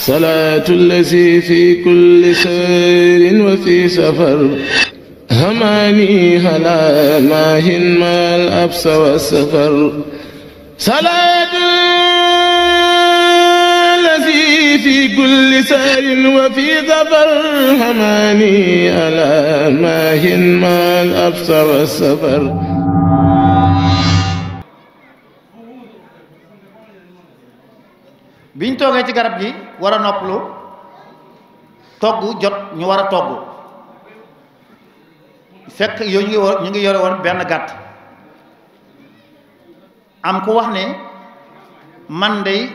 salaatu lazi fi kulli sayrin wa fi safar hamaani halaa maahin maal absa wa safar salaatu lazi fi kulli sayrin wa fi safar hamaani halaa maahin maal absa wa safar biñ toogee ci garab gi war a noppalu togg jot ñu war a togg fekk yooyu ñu ngi ñu ngi yore woon benn gàtt am ku wax ne man dey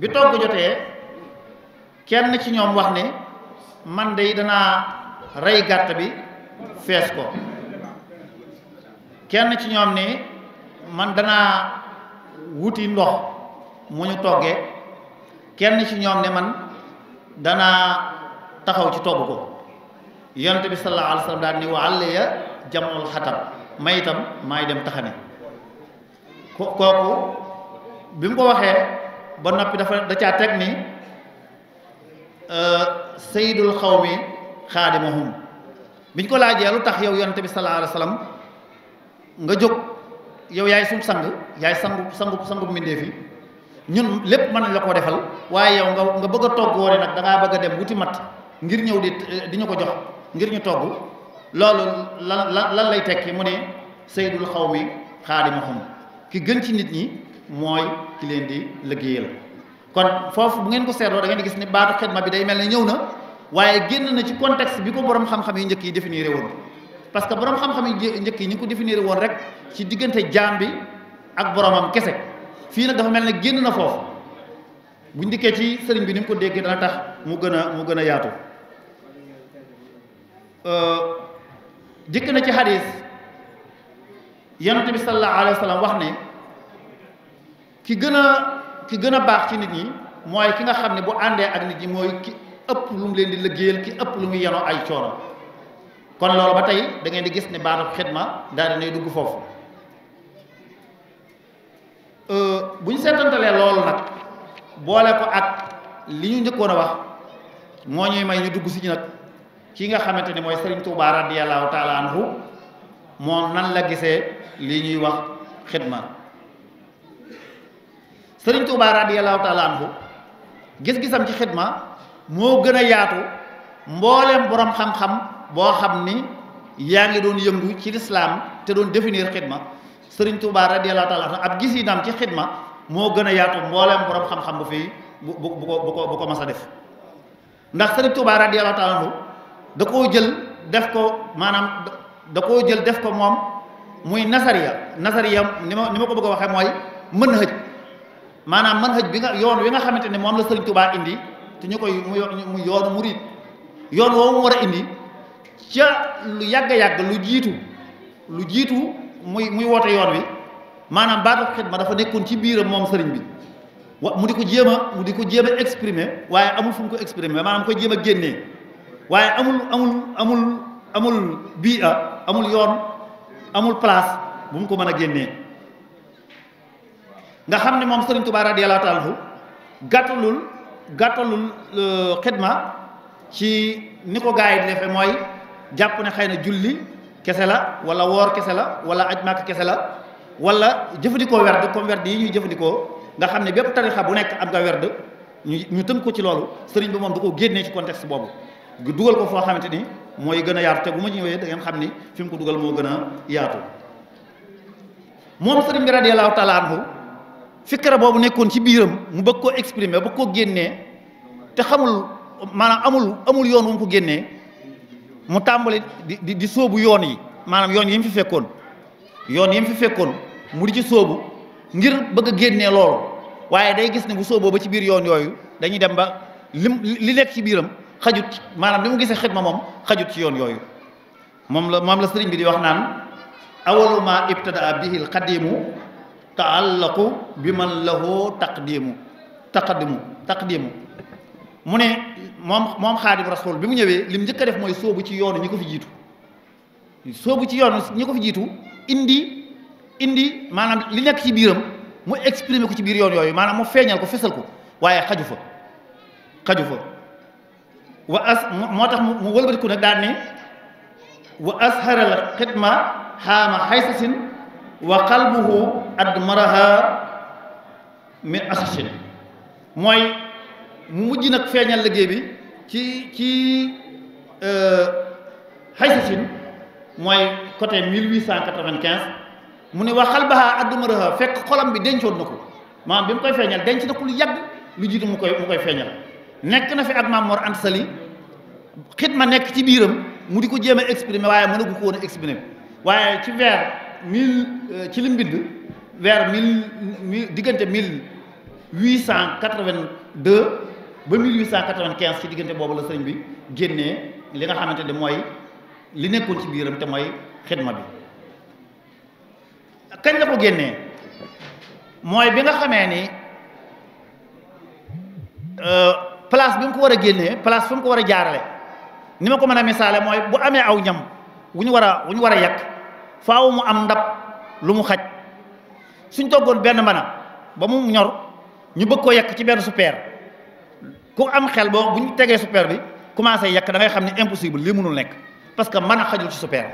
bi togg jotee kenn ci ñoom wax ne man dey danaa rey gàtt bi fees ko kenn ci ñoom ni man danaa wuti ndox mu ñu toggee kenn ci ñoom ne man danaa taxaw ci togg ko yonent bi sallallahu alayhi wa sallam daal ni wàlle ya jamul xatam may itam maay dem taxane ko kooku bi mu ko waxee ba noppi dafa da caa teg ni sayyidul xawmi xaadimahum biñ ko laajee lu tax yow yonente bi salaa alayhi wa nga jóg yow yaay sum sang yaay sangu sangu sangu mbindéef yi ñun lépp mën la ko defal waaye yow nga nga bëgg a togg woone nag dangaa bëgg a dem wuti matt ngir ñëw di di ñu ko jox ngir ñu togg loolu lan lan lay tekki mu ne sayyidul xawmi xaadimuhum ki gën ci nit ñi mooy ki leen di liggéeyal kon foofu bu ngeen ko seetloo da ngeen di gis ni baatu xidma bi day mel ne ñëw na waaye génn na ci contexte bi ko boroom xam-xam yi njëkk yi définir woon parce que borom xam-xam yi njëkk yi ñu ko définir woon rek ci diggante jaam bi ak boroomam kese fii nag dafa mel ne génn na foofu bu dikkee ci sëriñ bi ni mu ko déggee dana tax mu gën a mu gën a yaatu euh, dikk na ci xadis yonent bi sallallahu alayhi wax ne ki gën a ki gën a baax ci nit ñi mooy ki nga xam ne bu àndee ak nit ñi mooy ki ëpp lu mu leen di liggéeyal ki ëpp lu muy yanoo ay coono kon loolu ba tey dangeen di gis ne baatu xidma daal dinay dugg foofu euh, bu ñu seetantalee loolu nag boole ko ak li ñu njëkkoon a wax moo ñuy may ñu dugg si ñu nag ki nga xamante ni mooy Serigne Touba radiyallahu taala anhu moom nan la gisee li ñuy wax xidma Serigne Touba radiyallahu taala anhu gis-gisam ci xidma moo gën a yaatu mbooleem borom xam-xam boo xam ni yaa ngi doon yëngu ci lislaam te doon définir xidma sëriñ Tuubaa radiyallaahu taala ab gis yi naam ci xidma moo gën a yaatu mbooleem borom xam-xam bu fi bu bu bu ko bu ko mas a def ndax sëriñ Tuubaa radiyallaahu taala da koo jël def ko maanaam da koo jël def ko moom muy nasariya nasariya ni ma ni ma ko bëgg a waxee mooy mën hëj maanaam mën hëj bi nga yoon wi nga xamante ne moom la sëriñ Tuubaa indi te ñu koy mu yoonu murid yoon woowu mu war a indi ca lu yàgg yàgg lu jiitu lu jiitu muy muy woote yoon wi maanaam baatu ma dafa nekkoon ci biiram moom sëriñ bi mu di ko jéem a mu di ko jéem a exprimer waaye amul fu mu ko exprimer maanaam koy jéem a génnee waaye amul amul amul amul bii a amul yoon amul place bu mu ko mën a génnee nga xam ne moom sëriñ Tuubaa gàttalul gàttalul euh, xidma ci ni ko gaa yi defee mooy jàpp ne xëy na julli kese la wala woor kese la wala aj màkk kese la wala jëfandikoo werd comme werd yi ñuy jëfandikoo nga xam ne bépp tarixa bu nekk am nga werd ñu ñu tënk ko ci loolu sëriñ bi moom du ko génnee ci contexte boobu dugal ko foo xamante ni mooy gën a yaatu te bu ma ñuy da ngeen xam ni fi ko dugal moo gën a yaatu moom sëriñ bi radiyallahu taala fikra boobu nekkoon ci biiram mu bëgg koo exprimer bëgg koo génnee te xamul maanaam amul amul yoon wu mu ko génnee mu tàmbali di di sóobu yoon yi maanaam yoon yi mu fi fekkoon yoon yi mu fi fekkoon mu di ci sóobu ngir bëgg a génnee loolu waaye day gis ne bu sóoboo ba ci biir yoon yooyu dañuy dem ba lim li nekk ci biiram xajut maanaam li mu gisee ma moom xajut ci yoon yooyu moom la moom la sëriñ bi di wax naan awalu ma ibtadaa bihi al taallaqu bi man lahu taqdimu taqdimu taqdimu mu ne moom moom xaadim rasul bi mu ñëwee lim njëkk a def mooy sóobu ci yoonu ñi ko fi jiitu sóobu ci yoonu ñi ko fi jiitu indi indi maanaam li nekk ci biiram mu exprimer ko ci biir yoon yooyu maanaam mu feeñal ko fesal ko waaye xaju fa xaju fa wa as moo tax mu wëlbatiku nag daan ne wa asharal xidma xaama xaysasin wa qalbuhu admaraha min asasin mooy mu mujj nag feeñal liggéey bi ci ci euh, xaysasin mooy côté 1895 mu ne wax wa qalbaha admaraha fekk xolam bi dencoon na ko ma bi mu koy feeñal denc na ko lu yàgg lu jiitu mu koy mu koy feeñal nekk na fi ak Maam Mor Anta xit ma nekk ci biiram mu di ko jéem a exprimer waaye mënagu ko woon a waaye ci vers mille euh, ci li mu weer vers mille diggante mille huit cent quatre vingt deux ba mille huit cent quatre vingt quinze ci diggante boobu la sëriñ bi génnee li nga xamante ne mooy li nekkoon ci biiram te mooy xidma bi kañ la ko génnee mooy bi nga xamee ni euh, place bi mu ko war a génnee place fu mu ko war a jaarale ni ma ko mën a misaale mooy bu amee aw ñam wu ñu war a wu ñu war a yekk faaw mu am ndab lu mu xaj suñ toggoon benn mën ba mu ñor ñu bëgg koo yekk ci benn super ku am xel boo bu ñu tegee super bi commencé yekk da ngay xam ne impossible lii mënul nekk parce que mën a xajul ci super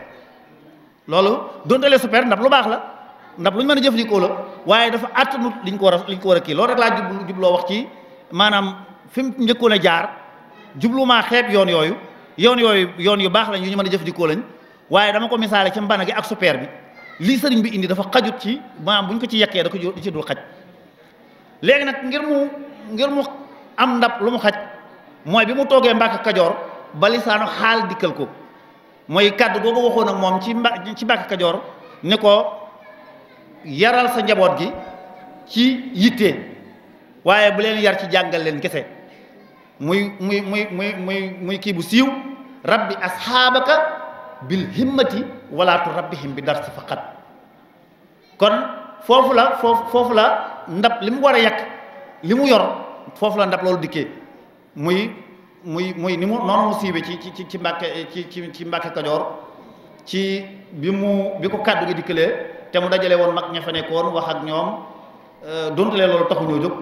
loolu dontelee super ndab lu baax la ndab lu ñu mën a jëfandikoo la waaye dafa àttanut liñ ko war liñ ko war a kii loolu rek laa jublu jubloo wax ci maanaam fi mu njëkkoon a jaar jublumaa xeeb yoon yooyu yoon yooyu yoon yu baax lañ yu ñu mën a jëfandikoo lañ waaye dama ko misaale ci mbana gi ak super bi lii sëriñ bi indi dafa xajut ci maam bu ñu ko ci yekkee da ko ci dul xaj léegi nag ngir mu ngir mu am ndab lu mu xaj mooy bi mu toogee mbàkk Kajoor ba lisaanu xaal dikkal ko mooy kàddu googu waxoon ak moom ci mba ci Mbàkke Kajoor ni ko yaral sa njaboot gi ci yitte waaye bu leen yar ci jàngal leen kese muy muy muy muy muy muy kii bu siiw rabbi asxaabaka bil himmati walaatu rabbihim bi dar si faqat kon foofu la foofu la ndab li mu war a yàq li mu yor foofu la ndab loolu dikkee muy muy muy ni mu noonu mu siibe ci ci ci mbàkke ci ci ci mbàkke kajoor ci bi mu bi ko kàddu gi dikkalee te mu dajale woon mag ña fa nekkoon wax ak ñoom euh, dontalee loolu taxu ñoo jóg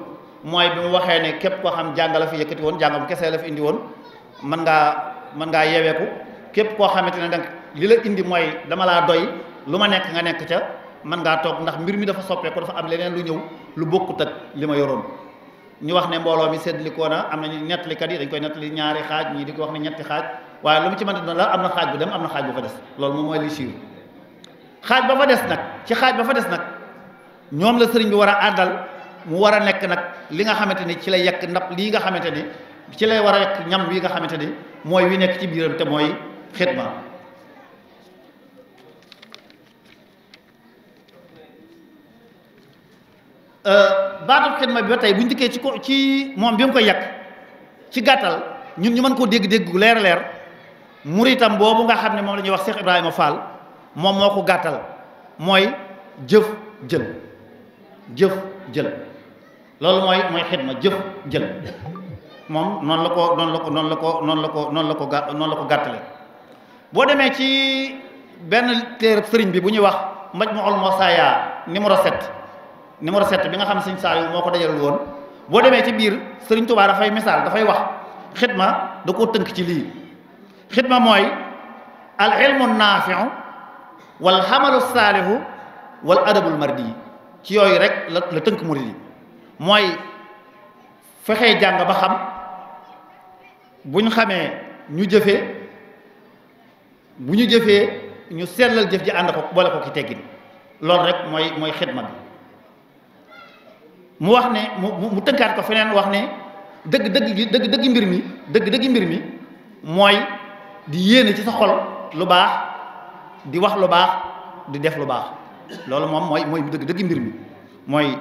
mooy bi mu waxee ne képp koo xam jàng la fi yëkkati woon jàngam kese la fi indi woon mën ngaa mën ngaa yeeweeku képp koo xamante ne danga li la indi mooy dama laa doy lu ma nekk nga nekk ca mën ngaa toog ndax mbir mi dafa soppeeku dafa am leneen lu ñëw lu bokkut ak li ma yoroon ñu wax ne mbooloo mi seddlikoo na am nañu nettalikat yi dañ koy nettali ñaari xaaj ñii di ko wax ne ñetti xaaj waaye lu mu ci mën a am na xaaj bu dem am na xaaj bu fa des loolu moom mooy li siiw xaaj ba fa des nag ci xaaj ba fa des nag ñoom la sëriñ bi war a àndal mu war a nekk nag li nga xamante ni ci la yekk ndab lii nga xamante ni ci la war a yekk ñam wi nga xamante ni mooy wi nekk ci biiram te xidma euh, baatub xidma bi ba tey bu njëkkee ci ko ci moom bi mu koy yàq ci gàttal ñun ñu mën koo dégg-dégg leer leer muritam boobu nga xam ne moom lañuy ñuy wax Cheikh Ibrahima Fall moom moo ko gàttal mooy jëf jël jëf jël loolu mooy mooy xidma jëf jël moom noonu la ko noonu la ko la ko noonu la ko noonu la ko gà noonu la ko gàttale boo demee ci benn téere sëriñ bi bu ñuy wax Majmuul Mosaaya numéro 7 numéro set bi nga xam sëñ Saaliw moo ko dajalul woon boo demee ci biir sëriñ Tuubaa dafay misaal dafay wax xidma da koo tënk ci lii xidma mooy al ilmu naafiu wal xamalu saalihu wal adabul mardi ci yooyu rek la la tënk murid yi mooy fexee jàng ba xam buñ xamee ñu jëfe bu ñu jëfee ñu seetlal jëf ji ànd ko boole ko ki teggin loolu rek mooy mooy xidma bi mu wax ne mu mu tënkaat ko feneen wax ne dëgg dëgg gi dëgg dëgg mbir mi dëgg dëgg mbir mi mooy di yéene ci sa xol lu baax di wax lu baax di def lu baax loolu moom mooy mooy dëgg dëgg mbir mi mooy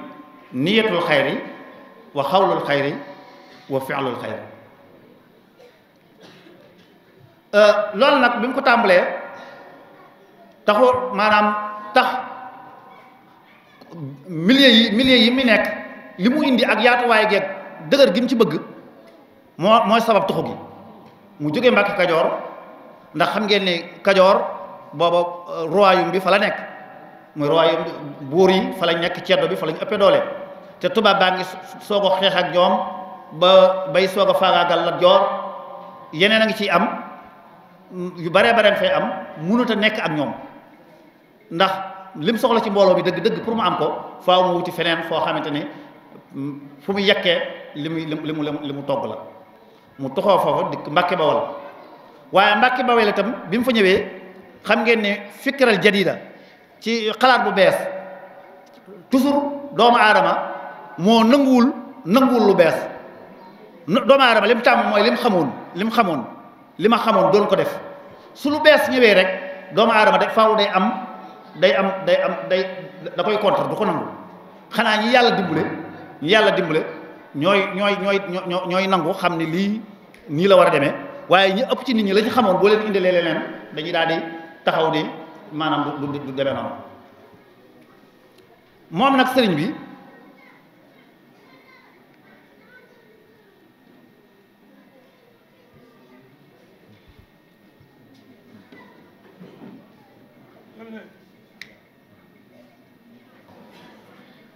niyatul xayri wa xawlul xayri wa fi'lul xayri Euh, loolu nag bi mu ko tàmbalee taxu maanaam tax milliers yi milliers yi mu nekk li mu indi ak yaatuwaay geeg dëgër gi mu ci bëgg moo mooy sabab tuxu gi mu jógee Mbàkke Kajoor ndax xam ngeen ni Kajoor booba euh, royaume bi fa la nekk muy royaume buur yi fa la nekk ceddo bi fa la ëppee doole te tubaab baa ngi soog a xeex ak joom ba bay soog a faagaagal Lat yeneen a ngi ciy am yu bare baree fay am mënut a nekk ak ñoom ndax lim soxla ci mbooloo bi dëgg dëgg pour mu am ko faaw mu wuti feneen foo xamante ni mm, fu mu yekkee li mu li mu mu togg la mu toxoo foofu dikk Mbàkke Bawol waaye Mbàkke Bawol itam bi fa ñëwee xam ngeen ne fikral jadida ci xalaat bu bees toujours doomu aadama moo nanguwul nanguwul lu bees doomu aadama li mu tàmm mooy li mu xamoon li mu xamoon li ma xamoon doon ko def su lu bees ñëwee rek doomu aadama de faw day am day am day am da koy contre du ko nangu xanaa ñi yàlla dimbale yàlla dimbale ñooy ñooy ñooy ñooy nangu xam ne lii nii la war a demee waaye ñi ëpp ci nit ñi la xamoon boo leen indilee leen dañuy daal di taxaw di maanaam du du demee noonu moom nag sëriñ bi.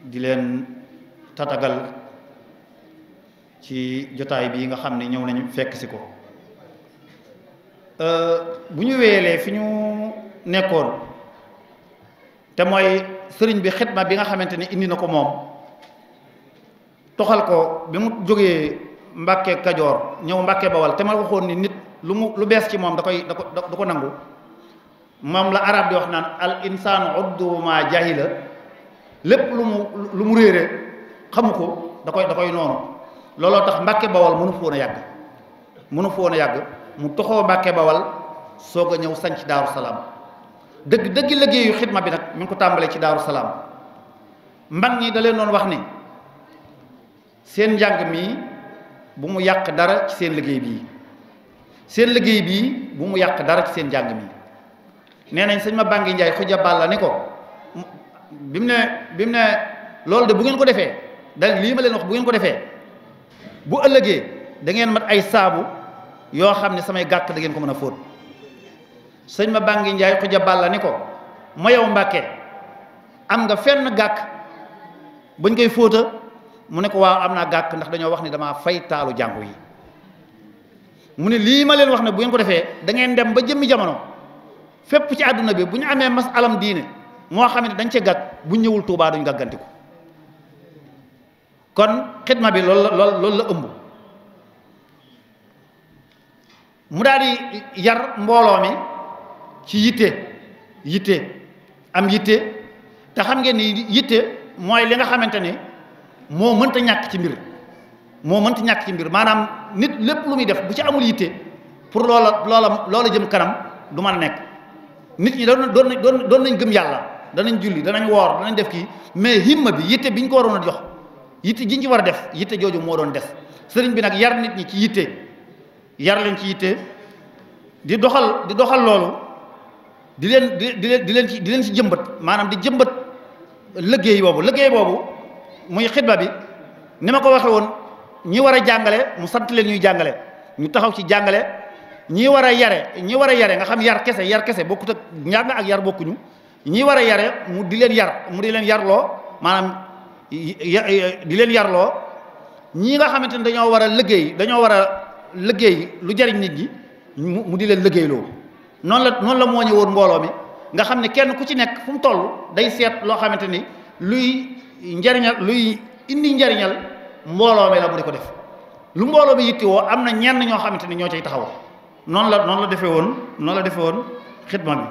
di leen tatagal ci jotaay bii nga xam ni ñëw nañu fekk si ko euh, bu ñu weelee fi ñu nekkoon te mooy sëriñ bi xitma bi nga xamante ni indi na ko moom toxal ko bi mu jógee Mbàkke Kajoor ñëw Mbàkke Bawal te ma waxoon ni nit lu mu lu bees ci moom da koy da ko da ko nangu moom la arab di wax naan al insaan uddu ma la lépp lu mu lu mu réere xamu ko da koy da koy noonu looloo tax mbàkke bawal mënu foon a yàgg mënu foon a yàgg mu toxoo mbàkke bawal soog a ñëw sanc daaru salaam dëgg dëgg liggéeyu xidma bi nag mi ngi ko tàmbalee ci daaru salaam mag ñi da leen wax ni seen njàng mii bu mu yàq dara ci seen liggéey bii seen liggéey bii bu mu yàq dara ci seen njàng mi nee nañ sëñ ma bàngi njaay xuja bàlla ni ko bi mu ne bi mu ne loolu de bu ngeen ko defee da lii ma leen wax bu ngeen ko defee bu ëllëgee da ngeen ay saabu yoo xam ne samay gàkk da ngeen ko mën a fóot sëñ ma bàngi njaay xuja bàlla ni ko ma yow mbàkke am nga fenn gàkk bañ koy fóota mu ne ko waaw am naa gàkk ndax dañoo wax ni damaa fay taalu jàngu yi mu ne lii ma leen wax ne bu ko defee da ngeen dem ba jëmmi jamono fépp ci àdduna bi bu ñu amee mas alam diine moo xam ne dañ ci gàgg bu ñëwul Tuubaa duñ gàggantiku kon xidma bi loolu la loolu la ëmb mu daal di yar mbooloo mi ci yitte yitte am yitte te xam ngeen ni yitte mooy li nga xamante ni moo mënta ñàkk ci mbir moo mënta ñàkk ci mbir maanaam nit lépp lu muy def bu ci amul yitte pour loola loola loola jëm kanam du mën a nekk nit ñi doon doon doon doon nañ gëm yàlla danañ julli danañ woor danañ def kii mais himma bi yitte biñ ko waroon a jox yitte jiñ ci war a def yitte jooju moo doon des sëriñ bi nag yar nit ñi ci yitte yar leen ci yitte di doxal di doxal loolu di leen di di leen ci di leen ci jëmbat maanaam di jëmbat liggéey boobu liggéey boobu muy xidma bi ni ma ko waxe woon ñi war a jàngale mu sant leen ñuy jàngale ñu taxaw ci jàngale ñi war a yare ñi war a yare nga xam yar kese yar kese bokkut ak njàng ak yar bokkuñu ñi war a yare mu di leen yar mu di leen yarloo maanaam di leen yarloo ñii nga xamante ne dañoo war a liggéey dañoo war a liggéey lu jariñ nit ñi mu di leen liggéeyloo noonu la noonu la moo ñëwoon mbooloo mi nga xam ne kenn ku ci nekk fu mu toll day seet loo xamante ni luy njariñal luy indi njariñal mbooloo mi la mu di ko def lu mbooloo mi yittewoo am na ñenn ñoo xamante ni ñoo cay taxawoo noonu la noonu la defee woon noonu la defe woon xidma bi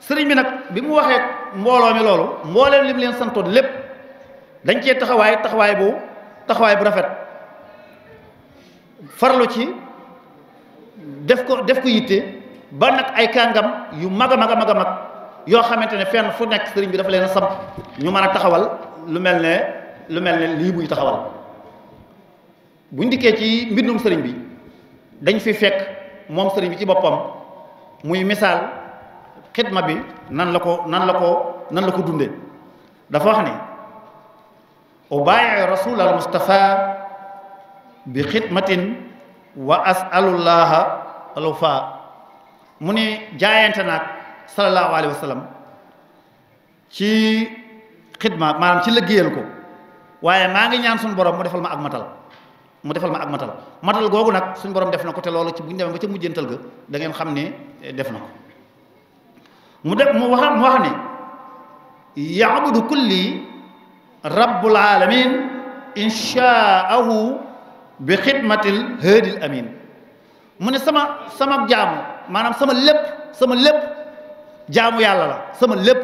sëriñ bi nag bi mu waxee mbooloo mi loolu mbooleem li leen santoon lépp dañ cee taxawaay taxawaay bu taxawaay bu rafet farlu ci def ko def ko yitte ba nag ay kàngam yu mag a mag a mag yoo xamante ne fenn fu nekk sëriñ bi dafa leen a samp ñu mën a taxawal lu mel ne lu mel ne lii muy taxawal buñ dikkee ci mbindum sëriñ bi dañ fi fekk moom sëriñ bi ci boppam muy misaal xidma bi nan la ko nan la ko nan la ko dundee dafa wax ne ubaayi rasul al mustafa bi xidmatin mu ne jaayante naag sallallahu alayhi wa sallam ci ci liggéeyal ko waaye maa ngi ñaan suñu borom mu defal ma ak matal mu defal ma ak matal matal googu nag suñ borom def na ko te loolu ci bu ñu demee ba ca mujjantal ga da ngeen xam ne eh, def na ko mu def mu wax mu wax ne yaabudu kulli rabbul alamin inshaahu bi xidmatil haadil amin mu ne sama sama jaamu maanaam sama lépp sama lépp jaamu yàlla la sama lépp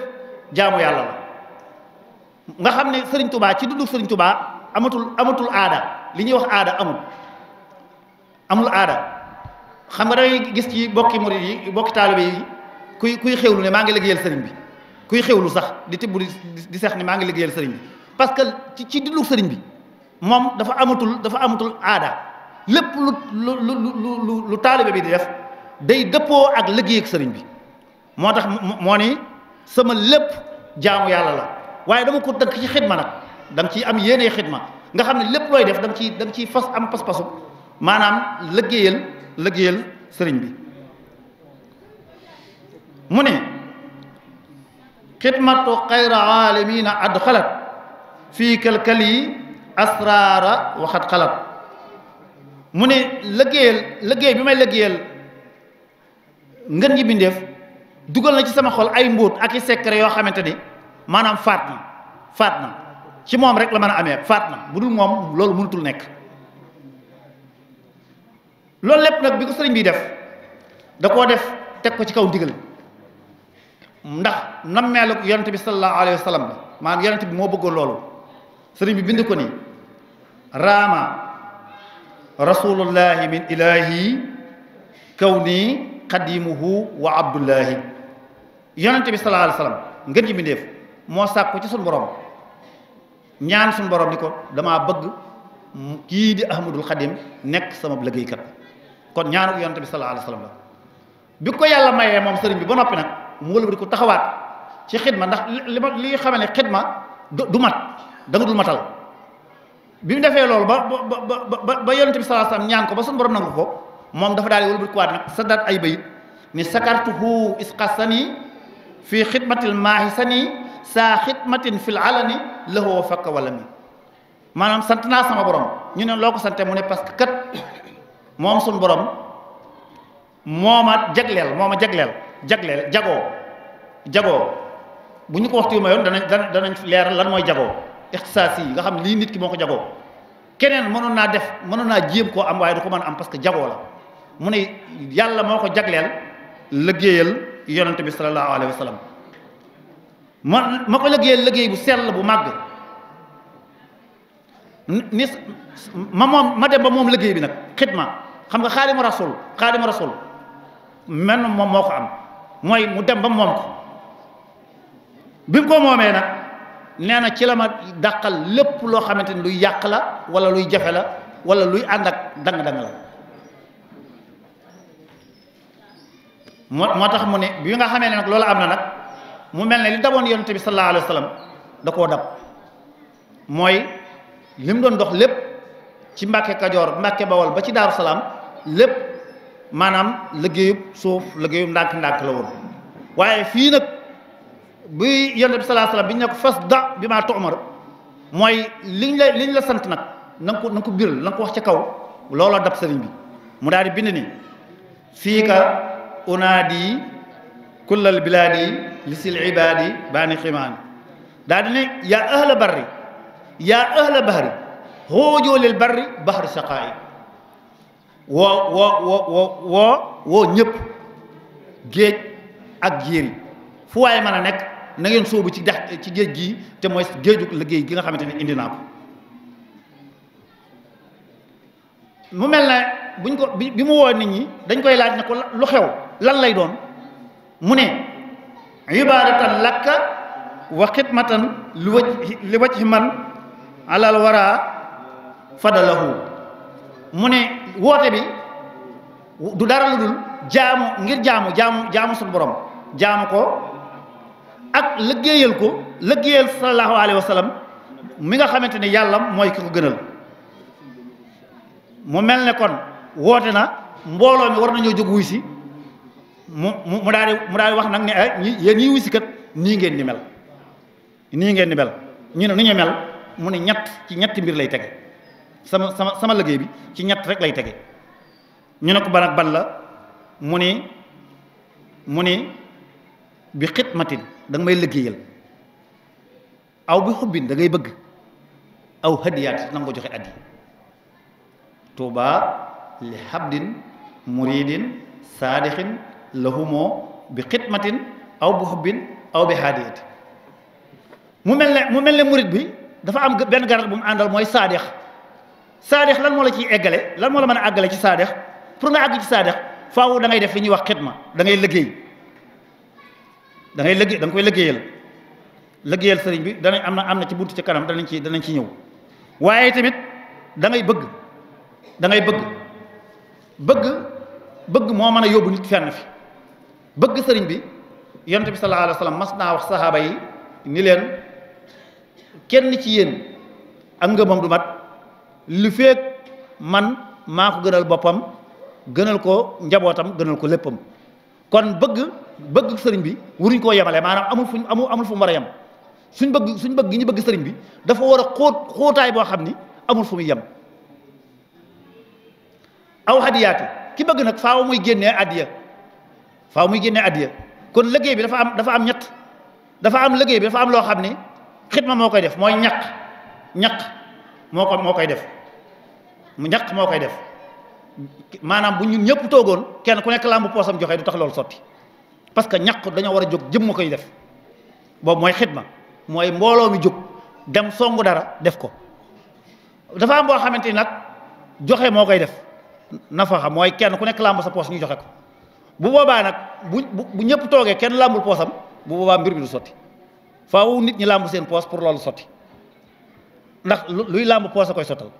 jaamu yàlla la nga xam ne sëriñ tubaa ci dundu sëriñ tubaa amatul amatul aada li ñuy wax aada amul amul aada xam nga dangay gis ci bokki murid yi bokki taalibe yi kuy kuy xewlu ne maa ngi liggéeyal sëriñ bi kuy xewlu sax di tibb di seex ni maa ngi liggéeyal sëriñ bi parce que ci ci dundug sëriñ bi moom dafa amatul dafa amatul aada lépp lu lu lu lu lu taalibe bi di def day dëppoo ak liggéey ak sëriñ bi moo tax moo ni sama lépp jaamu yàlla la waaye dama ko dëkk ci xidma nag danga nga ciy am yéenee xidma nga xam ne lépp looy def danga nga ciy da ciy fas am pas-pasu maanaam lëggéeyal lëggéeyal sëriñ bi mu ne xidmatu xayra aalamina ad xalat fii kalkal yi asraara waxat xalat mu ne lëggéeyal lëggéey bi may lëggéeyal ngën gi bindeef dugal na ci sama xol ay mbóot ak i secret yoo xamante ni maanaam faat na faat na ci moom rek la man a amee faat na bu dul moom loolu mënutul nekk loolu lépp nag bi ko sëriñ bi def da koo def teg ko ci kaw ndigal ndax nammeelu yonente bi sallallahu alayhi wa sallam la maanaam yonente bi moo bëggoon loolu sëriñ bi bind ko ni raama rasulullahi min ilahi kaw nii xadimuhu wa abdullahi yonente bi sallallahu alayhi wa sallam ngën ji mbindéef moo sàkku ci sunu borom ñaan suñu borom ni ko damaa bëgg kii di ahmadul xadim nekk sama liggéeykat kon ñaanu yonent bi sallallahu alayhi wasallam la bi ko yàlla mayee moom sëriñ bi ba noppi nag mu wëlbati ko taxawaat ci xidma ndax li ma li xamee ne xidma du mat da nga dul matal bi mu defee loolu ba ba ba ba yonent bi sallallahu alayhi wasallam ñaan ko ba suñu borom nangu ko moom dafa daal di wëlbati ko waat nag sa daat ay bayit ni sakartuhu isqasani fi xidmatil maahisani saa xidmatin fil alani lahoo fakka walla mi maanaam sant naa sama borom ñu ne loo ko sante mu ne parce que kat moom suñu borom moo ma jagleel moo ma jagleel jagleel jagoo jagoo bu ñu ko waxtu ma yoon danañ danañ leeral lan mooy jagoo ixtisaas yi nga xam lii nit ki moo ko jagoo keneen mënoon naa def mënoon naa jéem koo am waaye du ko mën am parce que jagoo la mu ne yàlla moo ko jagleel liggéeyal yonante bi sallallahu alayhi wa sallam ma ma ko liggéeyal liggéey bu sell bu màgg ni ma moom ma dem ba moom liggéey bi nag xidma xam nga xaadimu rasul xaadimu rasul man moom moo am mooy mu dem ba moom ko bi ko moomee nag nee na ci la ma lépp loo xamante ni luy yàq la wala luy jafe wala luy ànd ak la moo moo tax mu ne bi nga xamee ne nag loolu am na nag mu mel ne li daboon yonente bi sallallahu alayhi wa sallam da koo dab mooy li mu doon dox lépp ci mbàkke kajoor mbàkke bawol ba ci daaru salaam lépp maanaam liggéeyub suuf liggéeyub ndànk ndàkk la woon waaye fii nag bi yonente bi sallallahu alayhi wa bi ñu ne fas da bi maa tuumar mooy liñ la liñ la sant nag na nga ko na nga biral na wax ca kaw looloo dab sëriñ bi mu daal bind ni fii ka unaadi kullal bilaadi li sil ibaadi baani ximaan daa di ne yaa ahla barri yaa ahla bahri xoojoo lil barri bahri saqaayi woo woo woo woo woo ñëpp géej ak jéer yi fu waaye mën a nekk na ngeen sóobu ci dex ci géej gi te mooy géejug liggéey gi nga xamante ne indi naa ko mu mel na buñ ko bi mu woo nit ñi dañ koy laaj ne ko lu xew lan lay doon mu ne ibaadatan lakka wa xidmatan li waj li man alal wara fadalahu mu ne woote bi du dara lu dul jaamu ngir jaamu jaamu jaamu suñu borom jaamu ko ak liggéeyal ko liggéeyal sallallahu alayhi wa sallam mi nga xamante ne yàlla mooy ki ko gënal mu mel ne kon woote na mbooloo mi war nañoo jóg wuy si mu mu mu daal di mu daal di wax nag ne ah ñi yéen nii ngeen di mel nii ngeen di mel ñu ne nu ñu mel mu ne ñett ci ñetti mbir lay tege sama sama sama liggéey bi ci ñett rek lay tege ñu ne ko ban ak ban la mu ne mu ne bi xidmatin da may liggéeyal aw bi xubbin da ngay bëgg aw hadiyaat nanga ko joxe addi tuuba li habdin muridin saadixin lahumoo bi xidmatin aw bi xubbin aw bi haadiyati mu mel ne mu mel ne murit bi dafa am benn garat bu mu àndal mooy saadex saadex lan moo la ciy eggale lan moo la mën a àggale ci saadex pour nga àgg ci saadex faaw da def fi ñuy wax xidma dangay ngay liggéey da ngay liggéey koy liggéeyal liggéeyal sëriñ bi danañ am na am na ci bunt ci kanam danañ ci danañ ci ñëw waaye tamit dangay bëgg dangay bëgg bëgg bëgg moo mën a yóbbu nit fenn fi bëgg sëriñ bi yonent bi sallallahu mas naa wax saxaaba yi ni leen kenn ci yéen am nga moom du mat lu feek man maa ko gënal boppam gënal ko njabootam gënal ko léppam kon bëgg bëgg sëriñ bi wuruñ koo yemale maanaam amul fuñ amul amul fu mu war a yem suñ bëgg suñ bëgg gi ñu bëgg sëriñ bi dafa war a xóot xóotaay boo xam ni amul fu muy yem aw hadiyaati ki bëgg nag faaw muy génnee addiya waaw muy génne addiya kon liggéey bi dafa am dafa am ñett dafa am liggéey bi dafa am loo xam ni xidma moo koy def mooy ñaq ñaq moo moo koy def mu ñaq moo koy def maanaam bu ñun ñëpp toogoon kenn ku nekk làmb poosam joxe du tax loolu sotti parce que ñaq dañoo war a jóg jëm ma koy def boobu mooy xidma mooy mbooloo mi jóg dem songu dara def ko dafa am boo xamante ni nag joxe moo koy def nafaxa mooy kenn ku nekk làmb sa poos ñu joxe ko bu boobaa nag bu bu ñëpp toogee kenn làmbul poosam bu boobaa mbir mi du sotti faaw nit ñi làmb seen poos pour loolu sotti ndax luy làmb poos koy sottal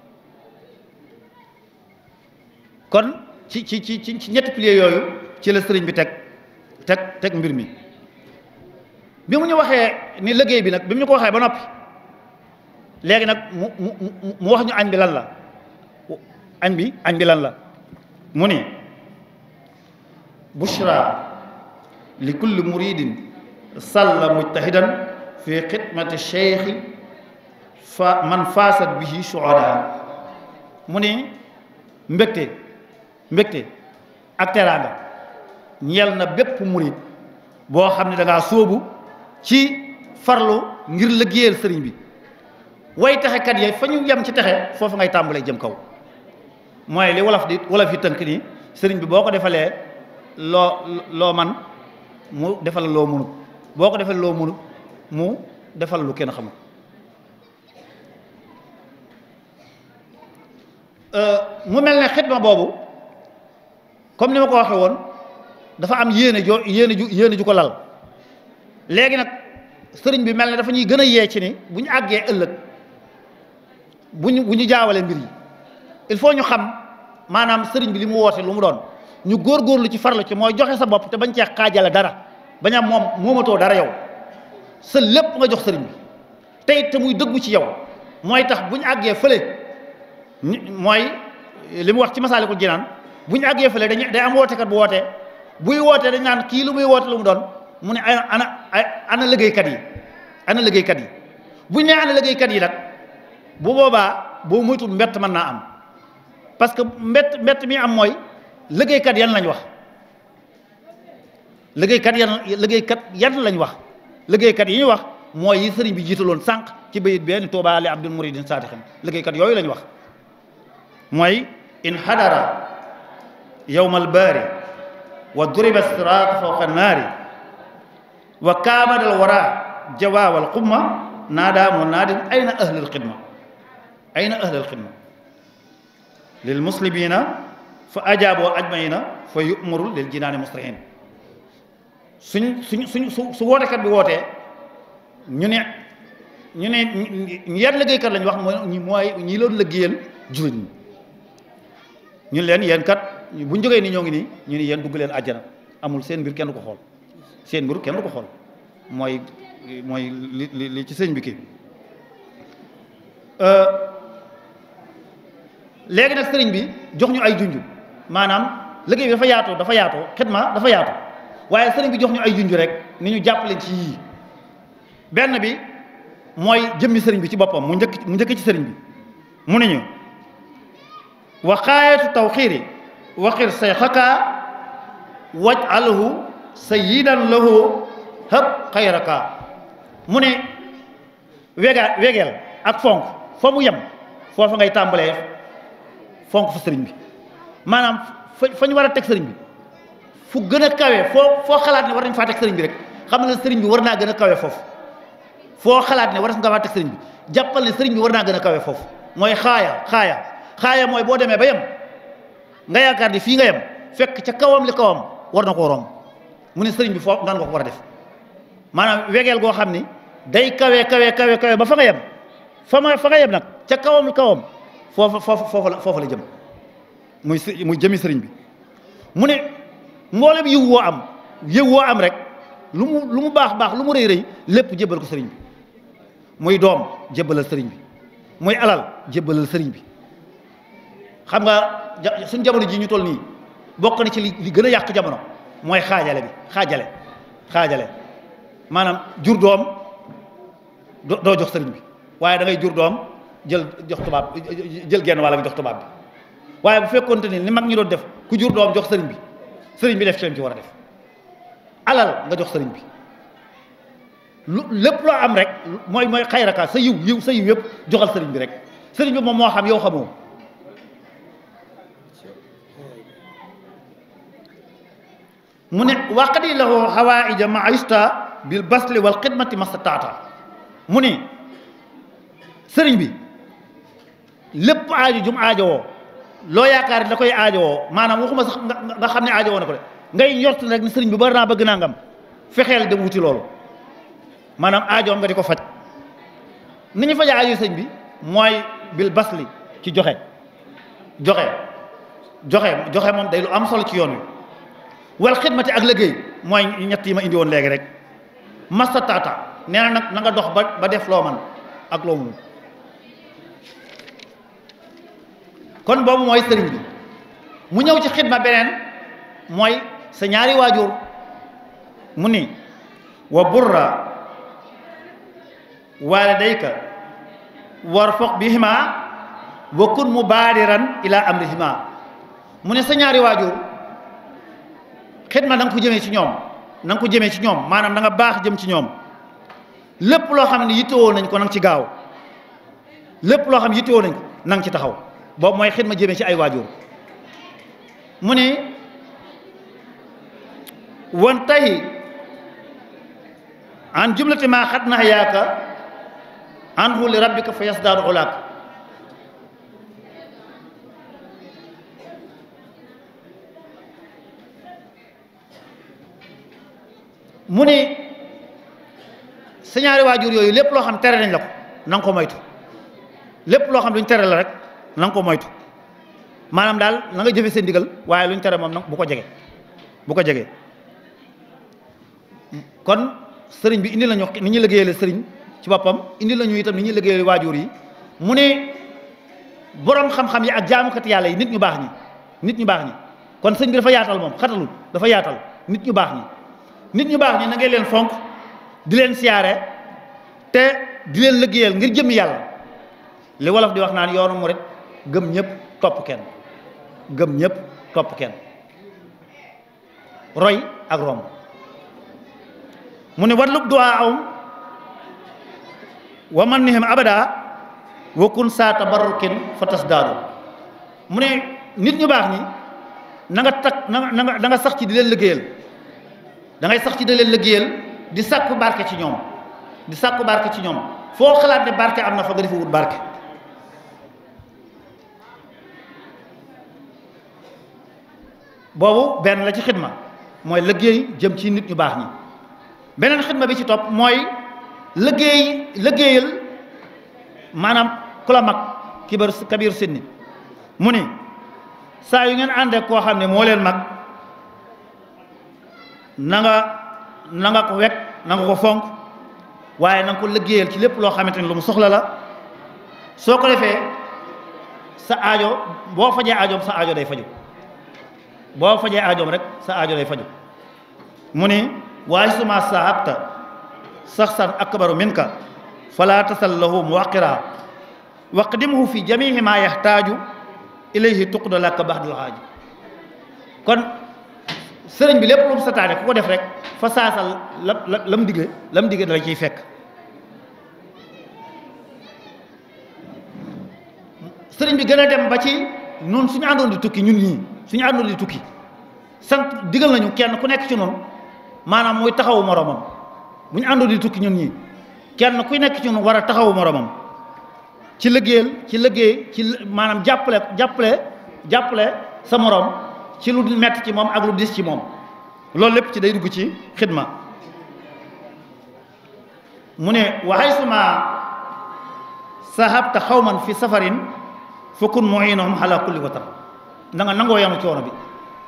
kon ci ci ci ci ñetti pilier yooyu ci la sëriñ bi teg teg teg mbir mi bi mu ñu waxee ni liggéey bi nag bi mu ñu ko waxee ba noppi léegi nag mu mu mu wax ñu añ bi lan la añ bi añ bi lan la mu ni bushra li kulli muridin salla mujtahidan fi xidmati cheikhi fa man faasat bihi shuhada mu ni mbégte mbégte ak teraanga na bépp murid boo xam ne da ngaa sóobu ci farlu ngir liggéeyal sëriñ bi way texekat ya fa ñu yem ci texe foofu ngay tàmbalee jëm kaw mooy li wolof di wolof yi tënk ni sëriñ bi boo ko defalee loo loo man mu defal loo munut boo ko defal loo munut mu defal lu kenn xamul euh, mu mel ne xidma boobu comme ni ma ko waxe woon dafa am yéene joo yéene ju ju ko lal léegi nag sëriñ bi mel ne dafa ñuy gën a yee ci ni bu ñu àggee ëllëg bu ñu bu ñu jaawale mbir yi il faut ñu xam maanaam sëriñ bi li mu woote lu mu doon ñu góor góorgóorlu ci farlu ci mooy joxe sa bopp te bañ cee xaajale dara bañ am moom moomatoo dara yow sa lépp nga jox sëriñ bi tey te muy dëggu ci yow mooy tax bu ñu àggee fële mooy li mu wax ci Masaalikul Jinaan bu ñu àggee fële dañuy day am wootekat bu wootee buy wootee dañ naan kii lu muy woote lu mu doon mu ne ana ana liggéeykat yi ana liggéeykat yi bu ñu nee ana liggéeykat yi nag bu boobaa boo moytu mbett mën naa am parce que mbett mbett mi am mooy. liggéeykat yan lañ wax liggéeykat yan liggéeykat yan lañu wax liggéeykat yi ñu wax mooy yi sëriñ bi jiitaloon sànq ci bayit benn toobaale abdul muridin saatixan liggéeykat yooyu lañ wax mooy in xadara yowma albaari wa duriba siraat fawqa naari wa kaamadal wara jawaawal xumma naadaa mu naadin ayna ahlul xidma ayna ahlul xidma lil muslimiina fa ajaaboo ajmaina fa yu'maru lil jinaani musrihin suñ suñ suñ su su wootekat bi wootee ñu ne ñu ne ñu yan liggéeykat lañu wax mooy mooy ñi loon liggéeyal jullit ñun leen yéen kat bu ñu jógee ni ñoo ngi nii ñu ni yéen dugg leen àjjana amul seen mbir kenn du ko xool seen mbir kenn du ko xool mooy mooy li li ci sëñ bi kii euh, léegi nag sëriñ bi jox ñu ay junju maanaam liggéey bi dafa yaatoo dafa yaatoo xidma dafa yaatoo waaye sëriñ bi jox ñu ay junj rek ni ñu jàppale ci yii benn bi mooy jëmmi sëriñ bi ci boppam mu njëkk mu njëkki ci sëriñ bi mu ne ñu wa xaayatu tawxiiri waqir say xakaa waj alhu sayyidan lahu hëb xayraka mu ne wegaa wegeel ak fonk fa mu yem foofu ngay tàmbalee fonk fa sëriñ bi maanaam fa fa war a teg sëriñ bi fu gën a kawe foo foo xalaat ne war nañ faa teg sëriñ bi rek xam ne sëriñ bi war naa gën a kawe foofu foo xalaat ne war nga faa teg sëriñ bi jàppal ne sëriñ bi war naa gën a kawe foofu mooy xaaya xaaya xaaya mooy boo demee ba yem nga yaakaar ni fii nga yem fekk ca kawam li kawam war na koo mu ne sëriñ bi foofu naan nga ko war a def maanaam wegeel goo xam ni day kawe kawe kawe kawe ba fa nga yem fa fa nga yem nag ca kawam li kawam foofa foofa foofa la foofa la jëm muy muy jëmi sëriñ bi mu ne mboolem yiw woo am yiw am rek lu mu lu mu baax baax lu mu rëy rëy lépp jébbal ko sëriñ bi muy doom jébbalal sëriñ bi muy alal jébbalal sëriñ bi xam nga suñ jamono ji ñu toll nii bokk na ci li gën a yàq jamono mooy xaajale bi xaajale xaajale maanaam jur doom doo jox sëriñ bi waaye da jur doom jël jox tubaab jël genn wàll bi jox tubaab bi waaye bu fekkonte ni li mag ñi doon def ku jur doom jox sëriñ bi sëriñ bi def ci ci war a def alal nga jox sëriñ bi lu lépp loo am rek mooy mooy xayraka sa yiw yiw sa yiw yëpp joxal sëriñ bi rek sëriñ bi moom moo xam yow xamoo mu ne waqdi lahu xawaaija maista bil basli wal xidmati mastataata mu ne sëriñ bi lépp aaju jum aajowoo loo yaakaar da koy aajowoo maanaam waxuma sax nga xam ne aajowoo na ko de ngay njort rek ne sëriñ bi bari naa bëgg fexeel dem wuti loolu maanaam aajoom nga di ko faj ni ñu faj aajo sëñ bi mooy bil basli ci joxe joxe joxe joxe moom am solo ci yoon wi wal ak liggéey mooy ñett yi ma indi léegi rek mastataata nee na nag na nga dox ba ba def loo man ak loo kon boobu mooy sëriñ mu ñëw ci xidma beneen mooy sa ñaari waajur mu ni wa burra foq warfaq bihima wa kun mubaadiran ila amrihima mu ne sa ñaari waajur xidma na nga ko jëmee ci ñoom na nga ko jëmee ci ñoom maanaam da nga baax jëm ci ñoom lépp loo xam ne yittewoo nañ ko nang ci gaaw lépp loo xam ne yittewoo nañ ko ci taxaw boobu mooy xidma jëmee ci ay waajur mu ne wan tay an jumlati ma xat nax yaaka anhu li rabbika fa yasdaadu ulaak mu ni sa ñaari waajur yooyu lépp loo xam tere nañ la ko na ko moytu lépp loo xam duñ tere la rek na nga ko moytu maanaam daal na nga jëfe seen diggal waaye luñ tere moom nag bu ko jege bu ko jege kon sëriñ bi indi lañu ni ñuy liggéeyale sëriñ ci boppam indi lañu itam ni ñuy liggéeyale waajur yi mu ne boroom xam-xam yi ak jaamukat yàlla yi nit ñu baax ñi nit ñu baax ñi kon sëñ bi dafa yaatal moom xatalul dafa yaatal nit ñu baax ñi nit ñu baax ñi na leen fonk di leen siyaare te di leen liggéeyal ngir jëmmi yàlla li wolof di wax naan gëm ñëpp topp kenn gëm ñëpp topp roy ak romb mu ne watlub duwaa awum wa man nihim abada wa kun saa kenn fa tasdaadu mu ne nit ñu baax ni na nga tak na nga nga sax ci di leen liggéeyal dangay sax ci di leen liggéeyal di sàkku barke ci ñoom di sàkku barke ci ñoom foo xalaat ne barke am na fa nga defa barke boobu benn la ci xidma mooy liggéey jëm ci nit ñu baax ñi beneen xidma bi ci topp mooy liggéey liggéeyal maanaam ku la mag kibar kabir sinni mu ni saa yu ngeen àndee koo xam ne moo leen mag nanga nanga ko wekk na nga ko fonk waaye na ko liggéeyal ci lépp loo xamante ni lu mu soxla la soo ko defee sa aajo boo fajee aajoom sa ajo day faju boo fajee aajoom rek sa aajo lay faju mu ni waaye suma sahabta saxsan akbaru minka fala tasal lahu muwaqira waqdimhu fi jamihi ma yaxtaaju ilayhi tuqda laka baxdal xaaju kon sëriñ bi lépp lu mu sataane ku ko def rek fa saasal la la mu digle la mu dala ciy fekk sëriñ bi gën a dem ba ci nun suñu àndoon di tukki ñun nii suñu àdduna di tukki sant digal nañu kenn ku nekk ci noonu maanaam muy taxawu moromam bu ñu àndoo di tukki ñun ñi kenn kuy nekk ci noonu war a taxawu moroomam ci liggéeyal ci liggéey ci maanaam jàppale jàppale jàppale sa morom ci lu mett ci moom ak lu dis ci moom loolu lépp ci day dugg ci xidma mu ne waxay suma sahabta xawman fi safarin fa kun muiinahum ala kulli watar na nga nangoo yanu coono bi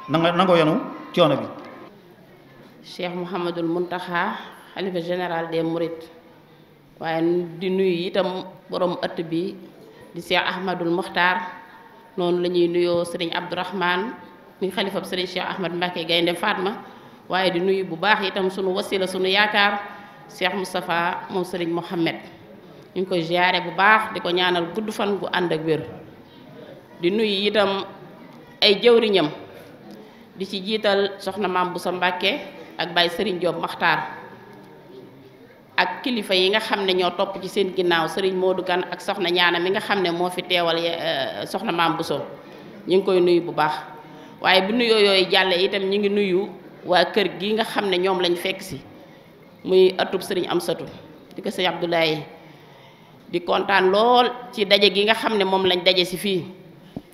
na nga nangoo yanu coono bi Cheikh Mouhamadul Muntaxa xalifa général de Mourides waaye di nuyu itam borom ëtt bi di Cheikh Ahmadul Muxtaar noonu lañuy ñuy nuyoo sëriñ Abdourahman mi xalifab sëriñ Cheikh Ahmad Mbacke Gaynde Fatma waaye di nuyu bu baax itam sunu wasila sunu yaakaar Cheikh Moustapha moom sëriñ Mohamed ñu ngi koy ziyaare bu baax di ko ñaanal gudd fan gu ànd ak wér di nuyu itam ay jëwriñam di ci jiital soxna maam bu sa Mbàkke ak Baye sëriñ Diop Maxtaar ak kilifa yi nga xam ne ñoo topp ci seen ginnaaw sëriñ Modou Kane ak soxna ñaanam mi nga xam ne moo fi teewal eh, soxna maam bu so ñu ngi koy nuyu bu baax waaye bu nuyoo yooyu jàlle itam ñu ngi nuyu waa kër gi nga xam ne ñoom lañu fekk si muy atub sëriñ Amsatu di ko sëriñ Abdoulaye di kontaan lool ci daje gi nga xam ne moom lañ daje si fii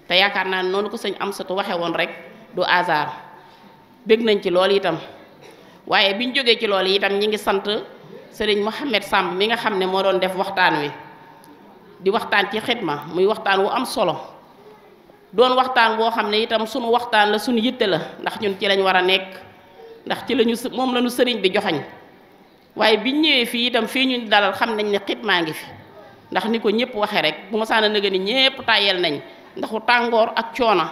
te yaakaar naa noonu ko sëñ Amsatu waxe woon rek du hasard bég nañ ci loolu itam waaye biñ jógee ci loolu itam ñi ngi sant sëriñ Mouhamed sàmm mi nga xam ne moo doon def waxtaan wi di waxtaan ci ma muy waxtaan wu am solo doon waxtaan woo xam ne itam sunu waxtaan la sunu yitte la ndax ñun ci lañ war a nekk ndax ci lañu moom lañu sëriñ bi joxañ waaye biñ ñëwee fii itam fii ñu dalal xam nañ ne maa ngi fi ndax ni ko ñëpp waxee rek bu ma saana nëgë ni ñëpp tàyyeel ndaxu tàngoor ak coona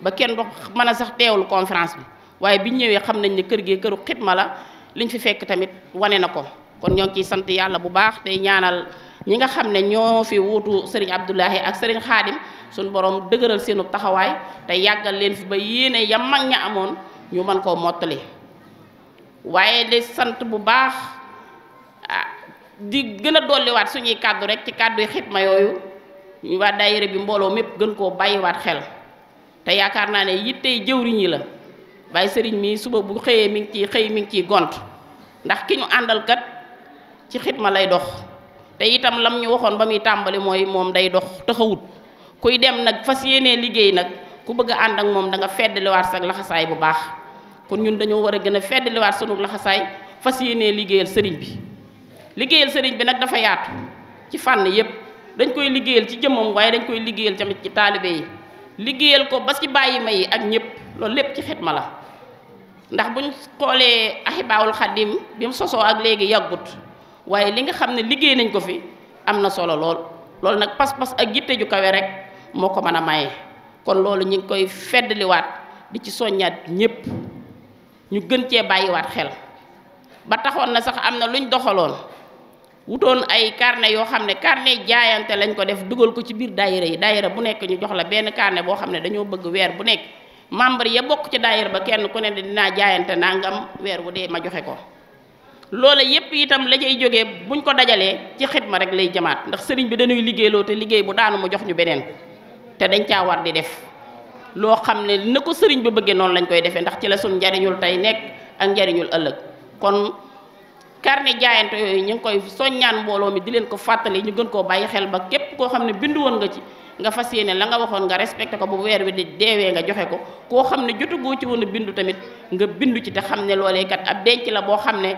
ba kenn du mën a sax teewlu conférence bi waaye biñ ñëwee xam nañ ne kër gee këru ma la liñ fi fekk tamit wane na ko kon ñoo ngi ciy sant yàlla bu baax tey ñaanal ñi nga xam ne ñoo fi wuutu sëriñ Abdoulahi ak sëriñ Xaadim suñ borom dëgëral seenu taxawaay te yàggal leen fi ba yéene ya mag ña amoon ñu mën koo mottali waaye di sant bu baax ah, di gën a dolliwaat suñuy kàddu rek ci kàddu ma yooyu waa daayira bi mbooloo mépp gën koo bàyyiwaat xel te yaakaar naa ne yittey jëwriñ yi la waaye sëriñ mi suba bu xëyee mi ngi ciy xëy mi ngi ciy gont ndax ki ñu àndalkat kat ci xitma lay dox te itam lam ñu waxoon ba muy tàmbali mooy moom day dox taxawut kuy dem nag fas yéenee liggéey nag ku bëgg ànd ak moom danga nga feddaliwaat sa laxasaay bu baax kon ñun dañoo war a gën a feddaliwaat sunu laxasaay fas yéenee liggéeyal sëriñ bi liggéeyal sëriñ bi nag dafa yaatu ci fànn yépp dañ koy liggéeyal ci jëmmam waaye dañ koy liggéeyal tamit ci taalibe yi liggéeyal ko ba ci bàyyi ma yi ak ñëpp loolu lépp ci xitma la ndax buñ xoolee axibaawul xadim bi mu sosoo ak léegi yàggut waaye li nga xam ne liggéey nañ ko fi am na solo lool loolu nag pas-pas ak yitte ju kawe rek moo ko mën a maye kon loolu ñu ngi koy feddliwaat di ci soññaat ñëpp ñu gën cee bàyyiwaat xel ba taxoon na sax am na luñ doxaloon wutoon ay karne yoo xam ne carnet jaayante lañ ko def dugal ko ci biir daayira yi daayira bu nekk ñu jox la benn carnet boo xam ne dañoo bëgg weer bu nekk membre ya bokk ci daayira ba kenn ku ne dinaa jaayante nangam weer wu dee ma joxe ko loola yépp itam la cay jógee buñ ko dajalee ci xidma rek lay jamaat ndax sëriñ bi dañuy liggéeyloo te liggéey bu daanu mu jox ñu beneen te dañ caa war di def loo xam ne na ko sëriñ bi bëggee noonu lañ koy defee ndax ci la suñ njariñul tey nekk ak njariñul ëllëg kon carnet jaayante yooyu ñu ngi koy soññaan mbooloo mi di leen ko fàttali ñu gën koo bàyyi xel ba képp koo xam ne bind woon nga ci nga fas yéene la nga waxoon nga respecté ko bu weer wi di deewee nga joxe ko koo xam ne jotagoo ci woon a bindu tamit nga bindu ci te xam ne loolee kat ab denc la boo xam ne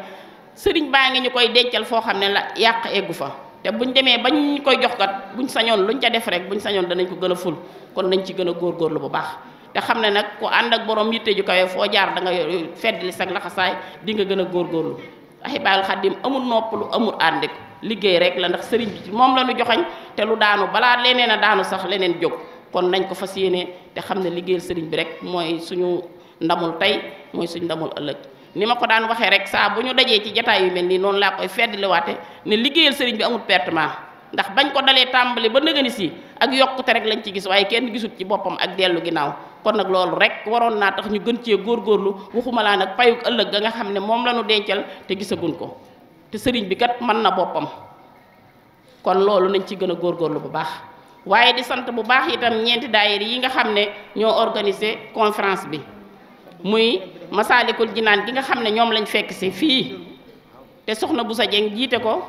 sëriñ baa ngi ñu koy dencal foo xam ne la yàq eggu fa te bu ñu demee ba ñu koy jox kat buñ sañoon luñ ca def rek buñ sañoon danañ ko gën a ful kon nañ ci gën a góorgóorlu bu baax te xam ne nag ku ànd ak borom yitte ju kawe foo jaar da nga fedd li sag laxasaay di nga gën a góorgóorlu Ahibahil Khadim amul lu amul àndiku liggéey rek la ndax sëriñ bi moom la ñu joxañ te lu daanu balaa leneen a daanu sax leneen jóg kon nañ ko fas yéene te xam ne liggéeyal sëriñ bi rek mooy suñu ndamul tey mooy suñu ndamul ëllëg ni ma ko daan waxee rek saa bu ñu dajee ci jataay yu mel nii noonu laa koy feddliwaate ne liggéeyal sëriñ bi amul pertement ndax bañ ko dalee tàmbali ba nëgëni si ak yokkute rek lañu ci gis waaye kenn gisut ci boppam ak dellu ginnaaw kon nag loolu rek waroon naa tax ñu gën cee góor góorlu waxumalaan ak payug ëllëg ga nga xam ne moom la ñu dencal te gisaguñ ko te sëriñ bi kat mën na boppam kon loolu nañ ci gën a góor góorlu bu baax waaye di sant bu baax itam ñeenti daayir yi nga xam ne ñoo organiser conférence bi muy Masaalikul Jinaan gi nga xam ne ñoom lañ fekk si fii te soxna bu sa jeng jiite ko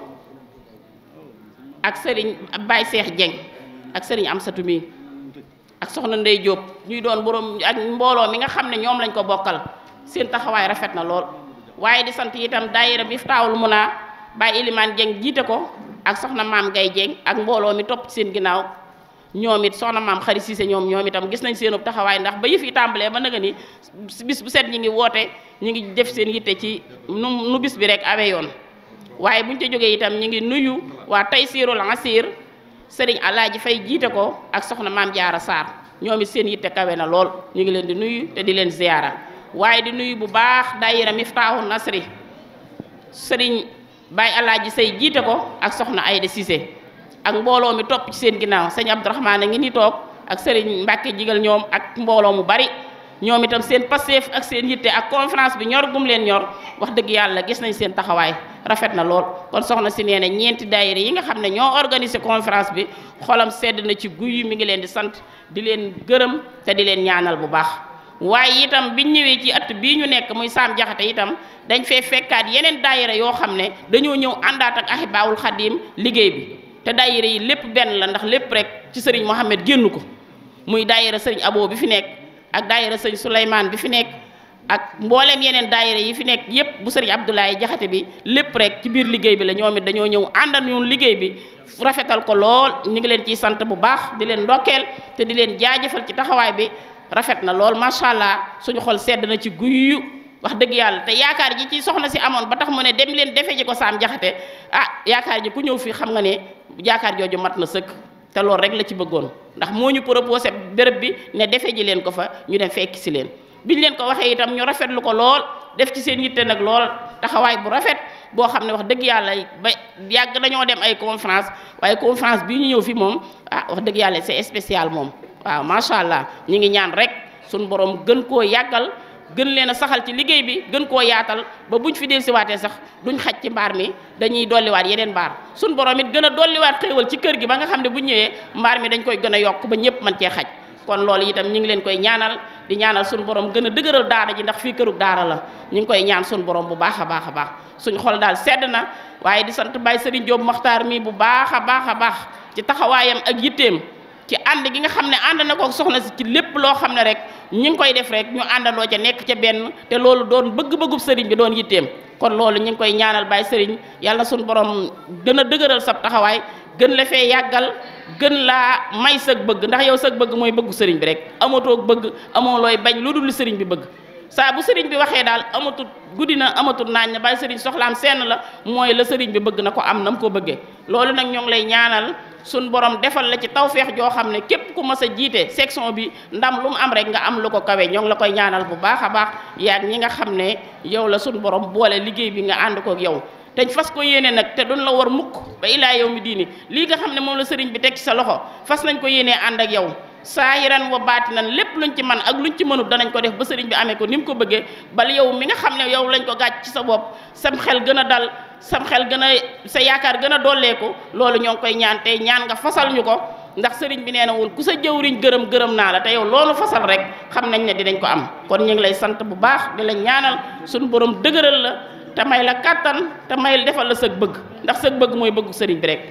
ak sëriñ Baye Seex Jeng ak sëriñ Amsatu mi ak soxna Ndey Jóob ñuy doon borom ak mbooloo mi nga xam ne ñoom lañ ko bokkal seen taxawaay rafet na lool waaye di sant itam daayira bi taawul mun naa Baye Ilimaan Jeng jiite ko ak soxna maam Gay Jeng ak mbooloo mi topp seen ginnaaw ñoom it soxna maam xari siise ñoom ñoom itam gis nañ seen taxawaay ndax ba yëf yi tàmbalee ba naga ni bis bu set ñi ngi woote ñi ngi def seen yitte ci nu nu bis bi rek awee yoon waaye buñ ca jógee itam ñu ngi nuyu waa Taysirul Asir sëriñ ji Fay jiite ko ak soxna maam Jaara Sarr ñoom it seen yitte kawe na lool ñu ngi leen di nuyu te di leen ziyaara waaye di nuyu bu baax daayira Miftaahu Nasri sëriñ Baay ji Sey jiite ko ak soxna Ayda Cissé ak mbooloo mi topp ci seen ginnaaw sëñ Abdourahmane a ngi ni toog ak sëriñ Mbàkke jigal ñoom ak mbooloo mu bari ñoom itam seen passeef ak seen yitte ak conférence bi ñor leen ñor wax dëgg yàlla gis nañ seen taxawaay rafet na lool kon soxna si nee na ñeenti daayira yi nga xam ne ñoo organiser conférence bi xolam sedd na ci guy yi mi ngi leen di sant di leen gërëm te di leen ñaanal bu baax waaye itam biñ ñëwee ci at bii ñu nekk muy saam jaxate itam dañ fee fekkaat yeneen daayira yoo xam ne dañoo ñëw àndaat ak ahibaawul xadim liggéey bi te daayira yi lépp benn la ndax lépp rek ci sëriñ Mohamed génn ko muy daayira sëriñ Abo bi fi nekk ak daayira sëriñ Souleymane bi fi nekk ak mboolem yeneen daayira yi fi nekk yépp bu sëriñ Abdoulaye Jaxate bi lépp rek ci biir liggéey bi la ñoom it dañoo ñëw àndan ñun liggéey bi rafetal ko lool ñu ngi leen ciy sant bu baax di leen ndokkeel te di leen jaajëfal ci taxawaay bi rafet na lool macha allah suñu xol sedd na ci guyu wax dëgg yàlla te yaakaar ji ci soxna si amoon ba tax mu ne dem leen defe ji ko saam jaxate ah yaakaar ji ku ñëw fii xam nga ne yaakaar jooju mat na sëkk te loolu rek la ci bëggoon ndax moo ñu proposé béréb bi ne defe ji leen ko fa ñu dem fekk si leen biñ leen ko waxee itam ñu rafetlu ko lool def ci seen yitte nag lool taxawaay bu rafet boo xam ne wax dëgg yàlla ba yàgg nañoo dem ay conférence waaye conférence bii ñu ñëw fi moom ah wax dëgg yàlla c'est spécial moom waaw macha allah ñu ngi ñaan rek suñu borom gën koo yàggal gën leen a saxal ci liggéey bi gën koo yaatal ba buñ fi dellusiwaatee sax duñ xaj ci mbaar mi dañuy dolliwaat yeneen mbaar suñ borom it gën a dolliwaat xéewal ci kër gi ba nga xam ne bu ñëwee mbaar mi dañ koy gën a yokk ba ñëpp mën cee xaj kon loolu itam ñu ngi leen koy ñaanal di ñaanal suñu borom gën a dëgëral daana ji ndax fii kërug daara la ñu ngi koy ñaan suñu borom bu baax a baax a baax suñ xol daal sedd na waaye di sant baay Serigne Diop Makhtar mii bu baax a baax a baax ci taxawaayam ak yitteem ci ànd gi nga xam ne ànd na ko soxna si ci lépp loo xam ne rek ñu ngi koy def rek ñu àndaloo ca nekk ca benn te loolu doon bëgg-bëggub sëriñ bi doon yitteem kon loolu ñu ngi koy ñaanal Baye Serigne yàlla suñu borom gën a dëgëral sab taxawaay gën la fee yàggal gën laa may sag bëgg ndax yow sag bëgg mooy bëggu sëriñ bi rek amatoo bëgg amoo looy bañ lu dul sëriñ bi bëgg saa bu sëriñ bi waxee daal amatut guddi na amatut naañ na bàyyi sëriñ soxlaam seen la mooy la sëriñ bi bëgg na ko am na mu ko bëggee loolu nag ñoo ngi lay ñaanal suñ borom defal la ci tawféex joo xam ne képp ku mas a jiite section bi ndam lu mu am rek nga am lu ko kawe ñoo la koy ñaanal bu baax a baax yaag ñi nga xam ne yow la suñ borom boole liggéey bi nga ànd ko yow teñ fas ko yéene nag te duñ la war mukk ba ilaa yow mi diini lii nga xam ne moom la sëriñ bi teg ci sa loxo fas nañ ko yéene ànd ak yow saahiran wa baatinan lépp luñ ci man ak lu ñu ci mënut danañ ko def ba sëriñ bi amee ko ni ko bëggee bal yow mi nga xam ne yow lañ ko gàcc ci sa bopp sam xel gën a dal sam xel gën a sa yaakaar gën a dolleeku loolu ñoo ngi koy ñaan tey ñaan nga fasal ñu ko ndax sëriñ bi nee na woon ku sa jëwriñ gërëm gërëm naa la te yow loolu fasal rek xam nañ ne dinañ ko am kon ñu lay sant bu baax di la ñaanal suñu borom la te may la kàttan te may defal la sëg bëgg ndax sëg bëgg mooy bëggu sëriñ bi rek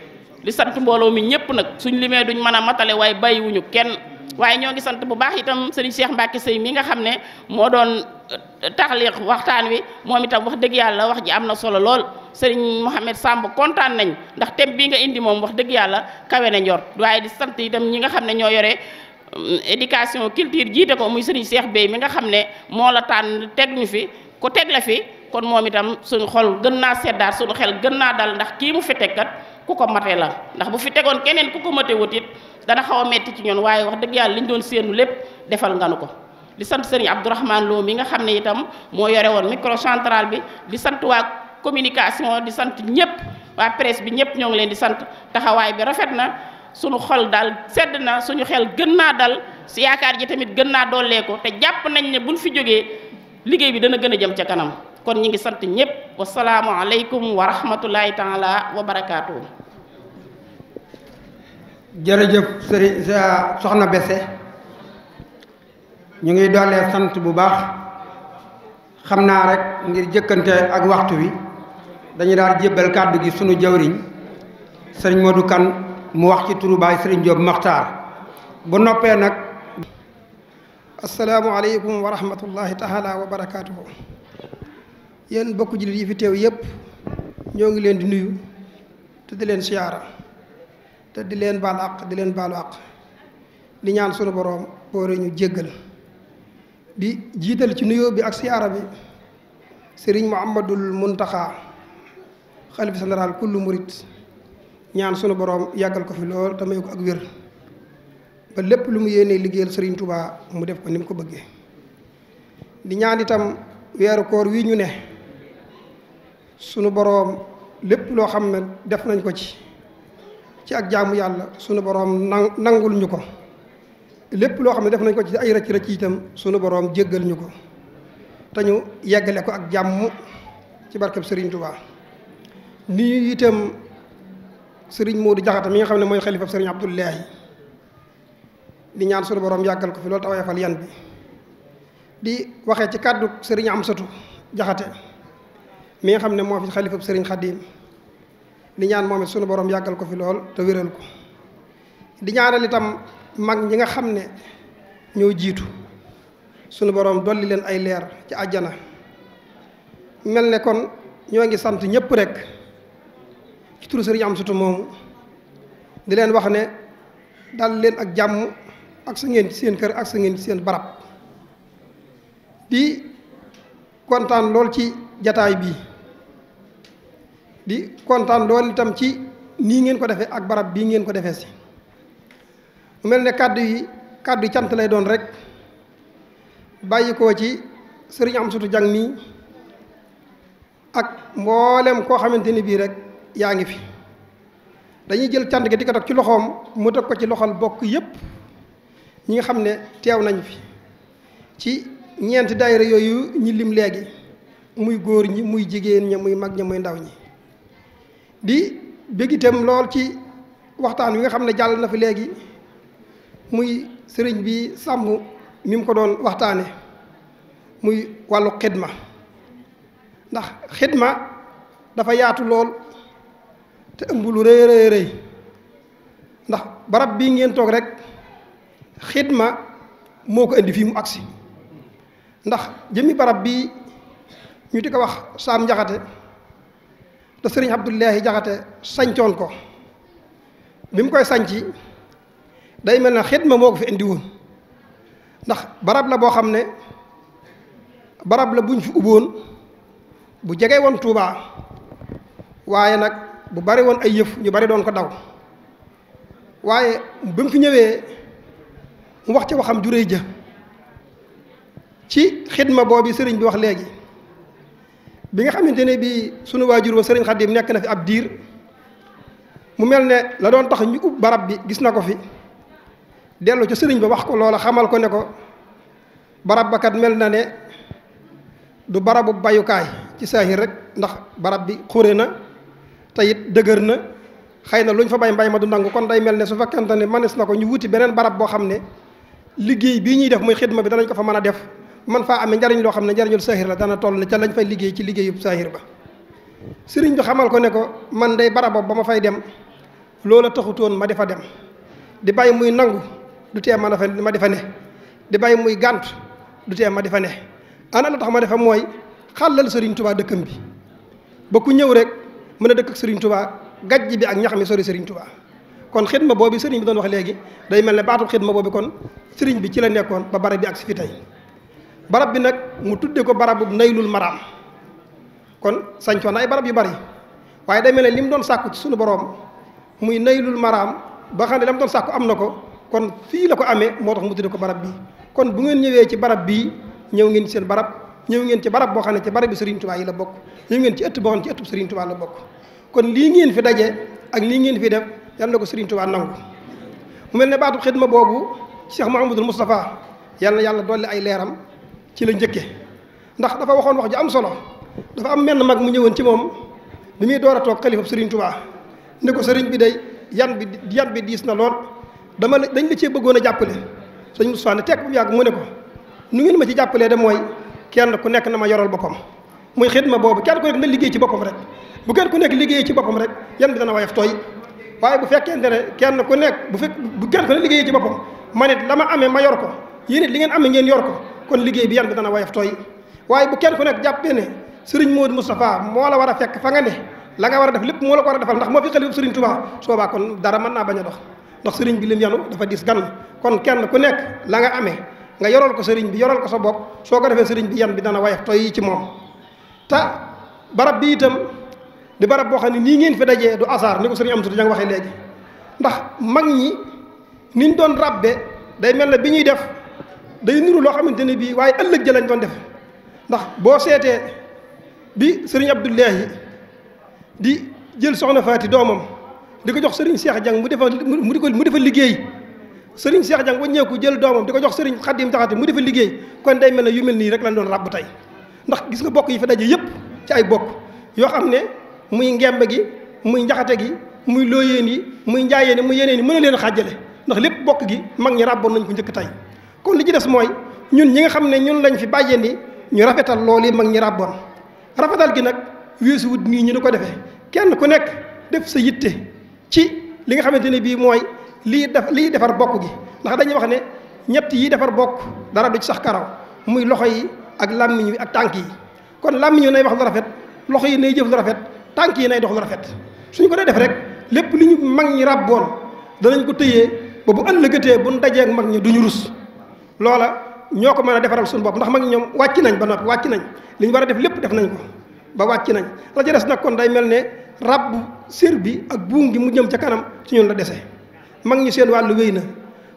li sant mbooloo mi ñëpp nag suñ limee duñ mën a matale waaye bàyyiwuñu kenn waaye ñoo ngi sant bu baax itam sëriñ Cheikh Mbacke Seye mi nga xam ne moo doon euh, taxliq waxtaan wi moom itam wax dëgg yàlla wax ji am na solo lool sëriñ Mouhamed Samb kontaan nañ ndax thème bii nga indi moom wax dëgg yàlla kawe na njort di sant itam ñi nga xam ne ñoo yore euh, éducation culture jiite ko muy sëriñ Cheikh Bey mi nga xam ne moo la tànn teg ñu fi ku teg la fi. kon moom itam suñu xol gën naa seddaat suñu xel gën naa dal ndax kii mu fi teg kat ku ko mate la ndax bu fi tegoon keneen ku ko mate wut it dana xaw metti ci ñun waaye wax dëgg yàlla liñ doon séenu lépp defal nga nu ko di sant sëriñ Abdourahmane Lo mi nga xam ne itam moo yore woon micro central bi di sant waa communication di sant ñëpp waa presse bi ñëpp ñoo ngi leen di sant taxawaay bi rafet na suñu xol daal sedd na suñu xel gën naa dal si yaakaar ji tamit gën naa dollee ko te jàpp nañ ne buñ fi jógee liggéey bi dana gën a jëm ca kanam kon ñi ngi sant ñëpp wasalaamu aleykum wa rahmatulahi taala wa barakaatu. jërëjëf sëriñ soxna bese ñu ngi doolee sant bu baax xam naa rek ngir jëkkante ak waxtu wi dañu daal jébbal kàddu gi sunu jawriñ sëriñ Modou kan mu wax ci turu baay sëriñ Diop Maxtaar bu noppee nag asalaamu aleykum wa rahmatullahi taala wa barakaatuhu yéen bokk jullit yi fi teew yépp ñoo ngi leen di nuyu te di leen siyaara te di leen baal àq di leen baalu àq di ñaan sunu boroom boore ñu jéggal di jiital ci nuyoo bi ak siyaara bi sëriñ Muhammadul Muntaxa xalif général kullu murit ñaan sunu boroom yàggal ko fi lool te may ko ak wér ba lépp lu mu yéenee liggéeyal sëriñ tubaa mu def ko ni mu ko bëggee di ñaan itam weeru koor wi ñu ne sunu boroom lépp loo xam ne def nañ ko ci ci ak jaamu yàlla sunu boroom nan nangul ñu ko lépp loo xam ne def nañ ko ci ay rëcc rëcc itam sunu boroom jéggal ñu ko te ñu yeggale ko ak jàmm ci barkeb Serigne Touba ni itam moo Modou Diakhate mi nga xam ne mooy xalifa Serigne Abdoulahi di ñaan sunu boroom yàggal ko fi loolu taw yafal yan bi di waxee ci kàddu Serigne Amsatou Diakhate mi nga xam ne moo fi xalifab sëriñ Xadim di ñaan moom it sunu borom yàggal ko fi lool te wéral ko di ñaanal itam mag ñi nga xam ne ñoo jiitu sunu borom dolli leen ay leer ci àjjana mel ne kon ñoo ngi sant ñëpp rek ci turu sëriñ Amsatu moomu di leen wax ne dal leen ak jàmm ak su ngeen ci seen kër ak sa ngeen ci seen barab di kontaan lool ci jataay bii di kontaan loolu itam ci nii ngeen ko defee ak barab bii ngeen ko defee si mu mel ni kàddu yi kàddu cant lay doon rek bàyyi ci sëriñ am sutu jàng ak mboolem koo xamante ni bii rek yaa ngi fi dañuy jël cant gi di ko teg ci loxoom mu teg ko ci loxol bokk yépp ñi nga xam ne teew nañ fi ci ñeenti daayira yooyu ñi lim léegi muy góor ñi muy jigéen ñi muy mag ñi muy ndaw ñi di bëgg lool ci waxtaan wi nga xam ne jàll na fi léegi muy sëriñ bi sàmm mi mu ko doon waxtaane muy wàllu xidma ndax xidma dafa yaatu lool te ëmb lu rëy rëy ndax barab bii ngeen toog rek xidma moo ko indi fii mu agsi ndax jëmmi barab bii ñu di ko wax saam njaxate te sëriñ Abdullahi Jaxate sancoon ko bi mu koy sanci day mel na xidma moo ko fi indi woon ndax barab la boo xam ne barab la buñ fi uboon bu jege woon Touba waaye nag bu bari woon ay yëf ñu bari doon ko daw waaye ba mu fi ñëwee mu wax ci waxam juree ja ci xidma boobi sëriñ bi wax léegi bi nga xamante ne bii sunu waajur wa sëriñ Xadim nekk na fi ab diir mu mel ne la doon tax ñu ub barab bi gis na ko fi dellu ca sëriñ ba wax ko loola xamal ko ne ko barab ba kat mel na ne du barabu bayukaay ci saahir rek ndax barab bi xure na te it dëgër na xay na lu ñu fa bay mbay ma du nangu kon day mel ne su fekkente ne manes na ko ñu wuti beneen barab boo xam ne liggéey bii ñuy def muy xidma bi danañ ko fa mën a def man faa amee njariñ loo xam ne njariñul saahir la dana toll ca lañ fay liggéey ci liggéeyub saahir ba sëriñ bi xamal ko ne ko man day barabam ba ma fay dem loolu loola taxutoon ma di fa dem di bàyyi muy nangu du tee ma fa di fa ne di bàyyi muy gànt du tee ma di fa ne ana la tax ma defa mooy xàllal sëriñ tubaa dëkkam bi ba ku ñëw rek mën a dëkk ak sëriñ tubaa gajj bi ak ñax mi sori sëriñ tubaa kon xidma boobu sëriñ bi doon wax léegi day mel ne baatu xidma boobu kon sëriñ bi ci la nekkoon ba bare bi ak fi tey barab bi nag mu tuddee ko barab bu naylul maraam kon sañcoon na ay barab yu bari waaye day mel ne li mu doon sàkku ci sunu boroom muy naylul maraam ba xam ne la mu doon sàkku am na ko kon fii la ko amee moo tax mu tudde ko barab bi kon bu ngeen ñëwee ci barab bii ñëw ngeen seen barab ñëw ngeen ci barab boo xam ne ci barab bi Serigne Touba yi la bokk ñëw ngeen ci ëtt boo xam ne ci ëttub Serigne Touba la bokk kon lii ngeen fi daje ak lii ngeen fi def yàlla na ko Serigne Touba nangu mu mel ne baatu xidma boobu Cheikh Mouhamadul Moustapha yàlla yàlla dolli ay leeram ci la njëkke ndax dafa waxoon wax ju am solo dafa am menn mag mu ñëwoon ci moom bi muy door a toog xalifab sëriñ tubaa ne ko sëriñ bi day yan bi yan bi diis na lool dama dañ la cee bëggoon a jàppale sëñ Mustafaa ne tekk bu yàgg mu ne ko nu ngeen ma ci jàppalee de mooy kenn ku nekk na ma yoral boppam muy ma boobu kenn ku nekk na liggéey ci boppam rek bu kenn nekk liggéeyee ci boppam rek yan bi dana woyof tooy waaye bu fekkente ne kenn ku nekk bu fekk bu kenn ku ne liggéeyee ci boppam man it la ma amee ma yor ko yéen li ngeen amee ngeen yor ko kon liggéey bi yan bi dana woyof tooy waaye bu kenn ku nekk jàppee ne sëriñ Modou Moustapha moo la war a fekk fa nga ne la nga war a def lépp moo la ko war a defal ndax moo fi xel yëpp sëriñ Touba soobaa kon dara mën naa bañ a dox ndax sëriñ bi leen yanu dafa diis gan kon kenn ku nekk la nga amee nga yoral ko sëriñ bi yoral ko sa bopp soo ko defee sëriñ bi yan bi dana woyof tooy ci moom ta barab bi itam di barab boo xam ne nii ngeen fi dajee du asaar ni ko sëriñ Amsatu Jang waxee léegi ndax mag ñi niñ doon rabbe day mel ne bi ñuy def day nuru loo xamante ne bii waaye ëllëg ja lañ doon def ndax boo seetee bi sëriñ Abdullahi di jël soxna Faati doomam di ko jox sëriñ seex Jang mu defa mu di ko mu defa liggéey sëriñ Cheikh Jang waññeeku jël doomam di ko jox sëriñ Xadim Jaxate mu defa liggéey kon day mel ne yu mel nii rek lañ doon ràbb tey ndax gis nga bokk yi fa daje yëpp ci ay bokk yoo xam ne muy ngemb gi muy njaxate gi muy looyeen yi muy njaayeen yi muy yeneen yi mën a leen xaajale ndax lépp bokk gi mag ñi ràbboon nañ ko njëkk tey kon li ci des mooy ñun ñi nga xam ne ñun lañ fi bàyyandi ñu rafetal loolu yi mag ñi ràbboon rafetal gi nag weesu wut nii ñu di ko defee kenn ku nekk def sa yitte ci li nga xamante ne bii mooy lii def lii defar bokk gi ndax dañuy wax ne ñett yi defar bokk dara du ci sax karaw muy loxo yi ak làmmiñ wi ak tànk yi kon làmmiñ wi nay wax lu rafet loxo yi nay jëf lu rafet tànk yi nay dox lu rafet suñ ko dee def rek lépp li ñu mag ñi ràbboon danañ ko tëyee ba bu ëllëgatee bu ñu dajee ak mag ñi duñu rus loola ñoo ko mën a defaral suñu bopp ndax mag ñoom wàcc nañ ba nopp wàcc nañ li ñu war a def lépp def nañ ko ba wàcc nañ la ca des nag kon day mel ne rab sér bi ak buum gi mu jëm ca kanam ci ñun la dese mag ñi seen wàllu wéy na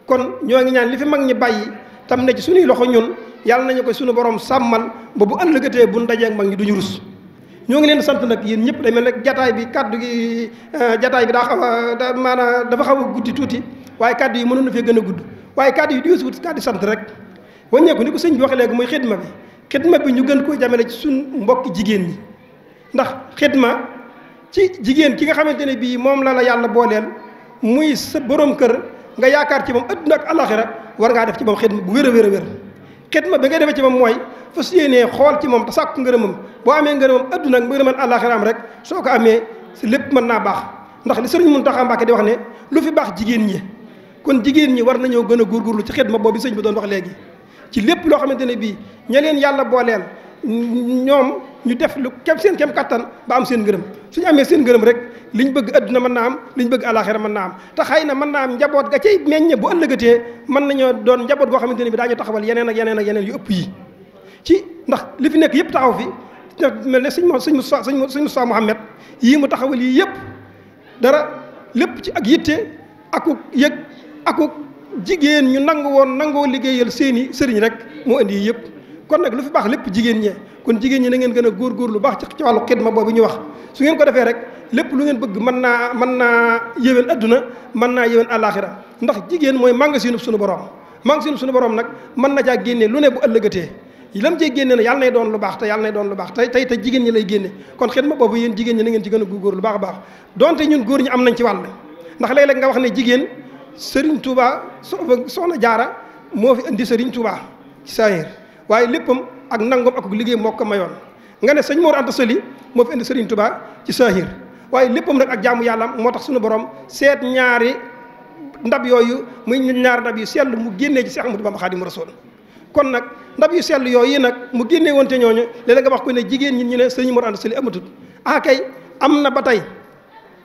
kon ñoo ngi ñaan li fi mag ñi bàyyi tam ne ci suñuy loxo ñun yàlla nañu ko suñu borom sàmmal ba bu ëllëgatee bu dajee ak mag ñi duñu rus ñoo ngi leen sant nag yéen ñëpp day mel ne jataay bi kaddu gi eh, jataay bi daa xaw a maanaam dafa xaw a guddi tuuti waaye yi mënoon na fee gën a gudd waaye kàddu yi diwsiwut kàddu sant rek wàññeeku ni ko sëñ bi waxee léegi mooy xidma bi xidma bi ñu gën koo jamele ci suñ mbokki jigéen ñi ndax ma ci jigéen ki nga xamante ne bii moom la la yàlla booleel muy sa borom kër nga yaakaar ci moom adduna ak alaxira war ngaa def ci moom ma bu wér a wér a wér xidma bi nga defee ci moom mooy fas yéenee xool ci moom te sàkku ngërëmam boo amee ngërëmam adduna ak ngërëmal alaxira am rek soo ko amee si lépp mën naa baax ndax li sëriñ Muntaxa Mbàkke di wax ne lu fi baax jigéen ñi kon jigéen ñi war nañoo gën a lu ci xidma boobu sëñ bi doon wax léegi ci lépp loo xamante ne bii ña leen yàlla booleel ñoom ñu def lu kem seen kem kattan ba am seen ngërëm suñ amee seen ngërëm rek li ñu bëgg adduna mën naam li ñu bëgg alaxira mën naa am te xëy na mën naa am njaboot ga ci meññe bu ëllëgatee mën nañoo doon njaboot goo xamante ne bi daañu taxawal yeneen ak yeneen ak yeneen yu ëpp yi ci ndax li fi nekk yëpp taxaw fi suñ ne sëñ mo sëñ Moussa sëñ Moussa Mouhamed yii mu taxawal yii yëpp dara lépp ci ak yitte ak yëg akuk jigéen ñu nangu woon nangoo liggéeyal seeni sëriñ rek moo indi yi yëpp kon nag lu fi baax lépp jigéen ñee kon jigéen ñi na ngeen gën a góorgóorlu baax ci ci wàllu xidma boobu ñu wax su ngeen ko defee rek lépp lu ngeen bëgg mën naa mën naa yéwén adduna mën naa yéwén àllaaxira ndax jigéen mooy màngasinub suñu borom màngasinub suñu borom nag mën na caa génnee lu ne bu ëllëgatee lam cee génne na doon lu baax te yàlla nay lu baax te tey te jigéen lay génne kon xidma yéen jigéen ñi na ngeen ci gën a góorgóorlu baax baax donte ñun góor ñi am nañ ci wàll ndax léeg-léeg nga wax ne jigéen sëriñ Touba soxna jaara moo fi indi sëriñ Touba ci saahir waaye léppam ak nangoom ak liggéey moo ko mayoon nga ne sëñ Mor Anta Sali moo fi indi sëriñ Touba ci saahir waaye léppam nag ak jaamu yàlla moo tax suñu borom seet ñaari ndab yooyu muy ñaari ndab yu sell mu génnee ci Seex Ahmadu Bamba Xaadimu Rasuul kon nag ndab yu sell yooyu nag mu génnee woon te ñooñu léeg nga wax ko ne jigéen ñi ñu ne sëriñ Mor Anta Sali amatul ah am na ba tey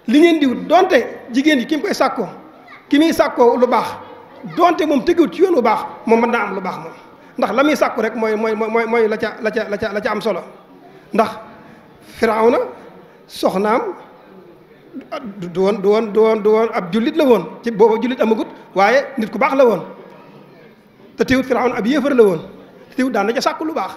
li donte jigéen ñi ki ki muy sàkkoo lu baax donte moom tëggiwut ci yoon bu baax moom mën naa am lu baax moom ndax la muy sàkku rek mooy mooy mooy mooy la ca la ca la ca la am solo ndax firawna soxnaam du woon du won du woon woon ab jullit la woon ci booba jullit amagut waaye nit ku baax la woon te teewut firawna ab yéefar la woon te teewut daan na ca sàkku lu baax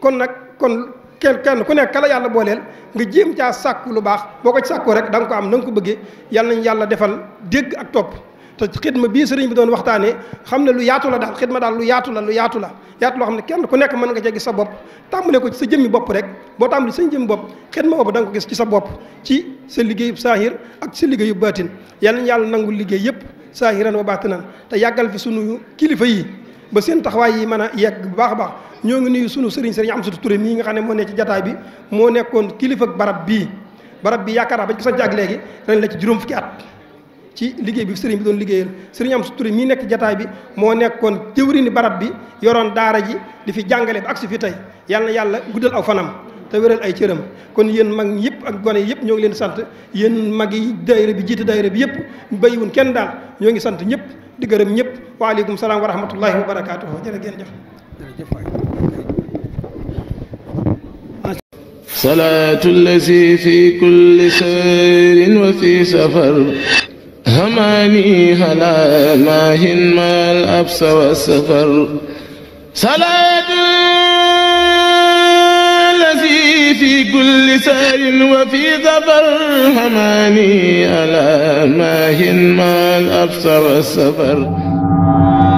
kon nag kon kenn kenn ku nekk kala yàlla booleel nga jéem caa sàkku lu baax boo ko ci sàkku rek da nga ko am na nga ko bëggee yàlla nañ yàlla defal dégg ak topp te xidma bii sëriñ bi doon waxtaanee xam ne lu yaatu la daal xidma daal lu yaatu la lu yaatu la yaatu loo xam ne kenn ku nekk mën nga cee gis sa bopp tàmbale ko ci sa jëmmi bopp rek boo tàmbali sa jëmmi bopp xidma boobu da nga ko gis ci sa bopp ci sa liggéeyub saahir ak sa liggéeyub baatin yàlla nañ yàlla nangul liggéey yëpp saahiran wa baatinan te yàggal fi sunu kilifa yi ba seen taxawaay yi mën a yegg bu baax a baax ñoo ngi nuyu sunu sëriñ sëriñ Amsatu Touré mii nga xam ne moo ne ci jataay bi moo nekkoon kilifa ak barab bii barab bi yaakaar naa ba ci ko sañ ak léegi ren la ci juróom fukki at ci liggéey bi sëriñ bi doon liggéeyal sëriñ Amsatu turi mii nekk jataay bi moo nekkoon jëwriñu barab bi yoroon daara ji di fi jàngale ba agsi fi tey yàlla na yàlla guddal aw fanam te wéral ay cëram kon yéen mag yëpp ak gone yëpp ñoo ngi leen sant yéen mag yi daayira bi jiite daayira bi yëpp bàyyiwun kenn daal ñoo ngi sant ñëpp di gërëm ñëpp waaleykum salaam wa rahmatullahi wa barakaatu jërë ngeen jëf jërëjëf salaatu allazi fi kulli sayrin wa fi safar هماني هلا ماهن ما الأبس والسفر صلاة في كل سهر وفي ظفر حماني على ماهن ما الأبصر والسفر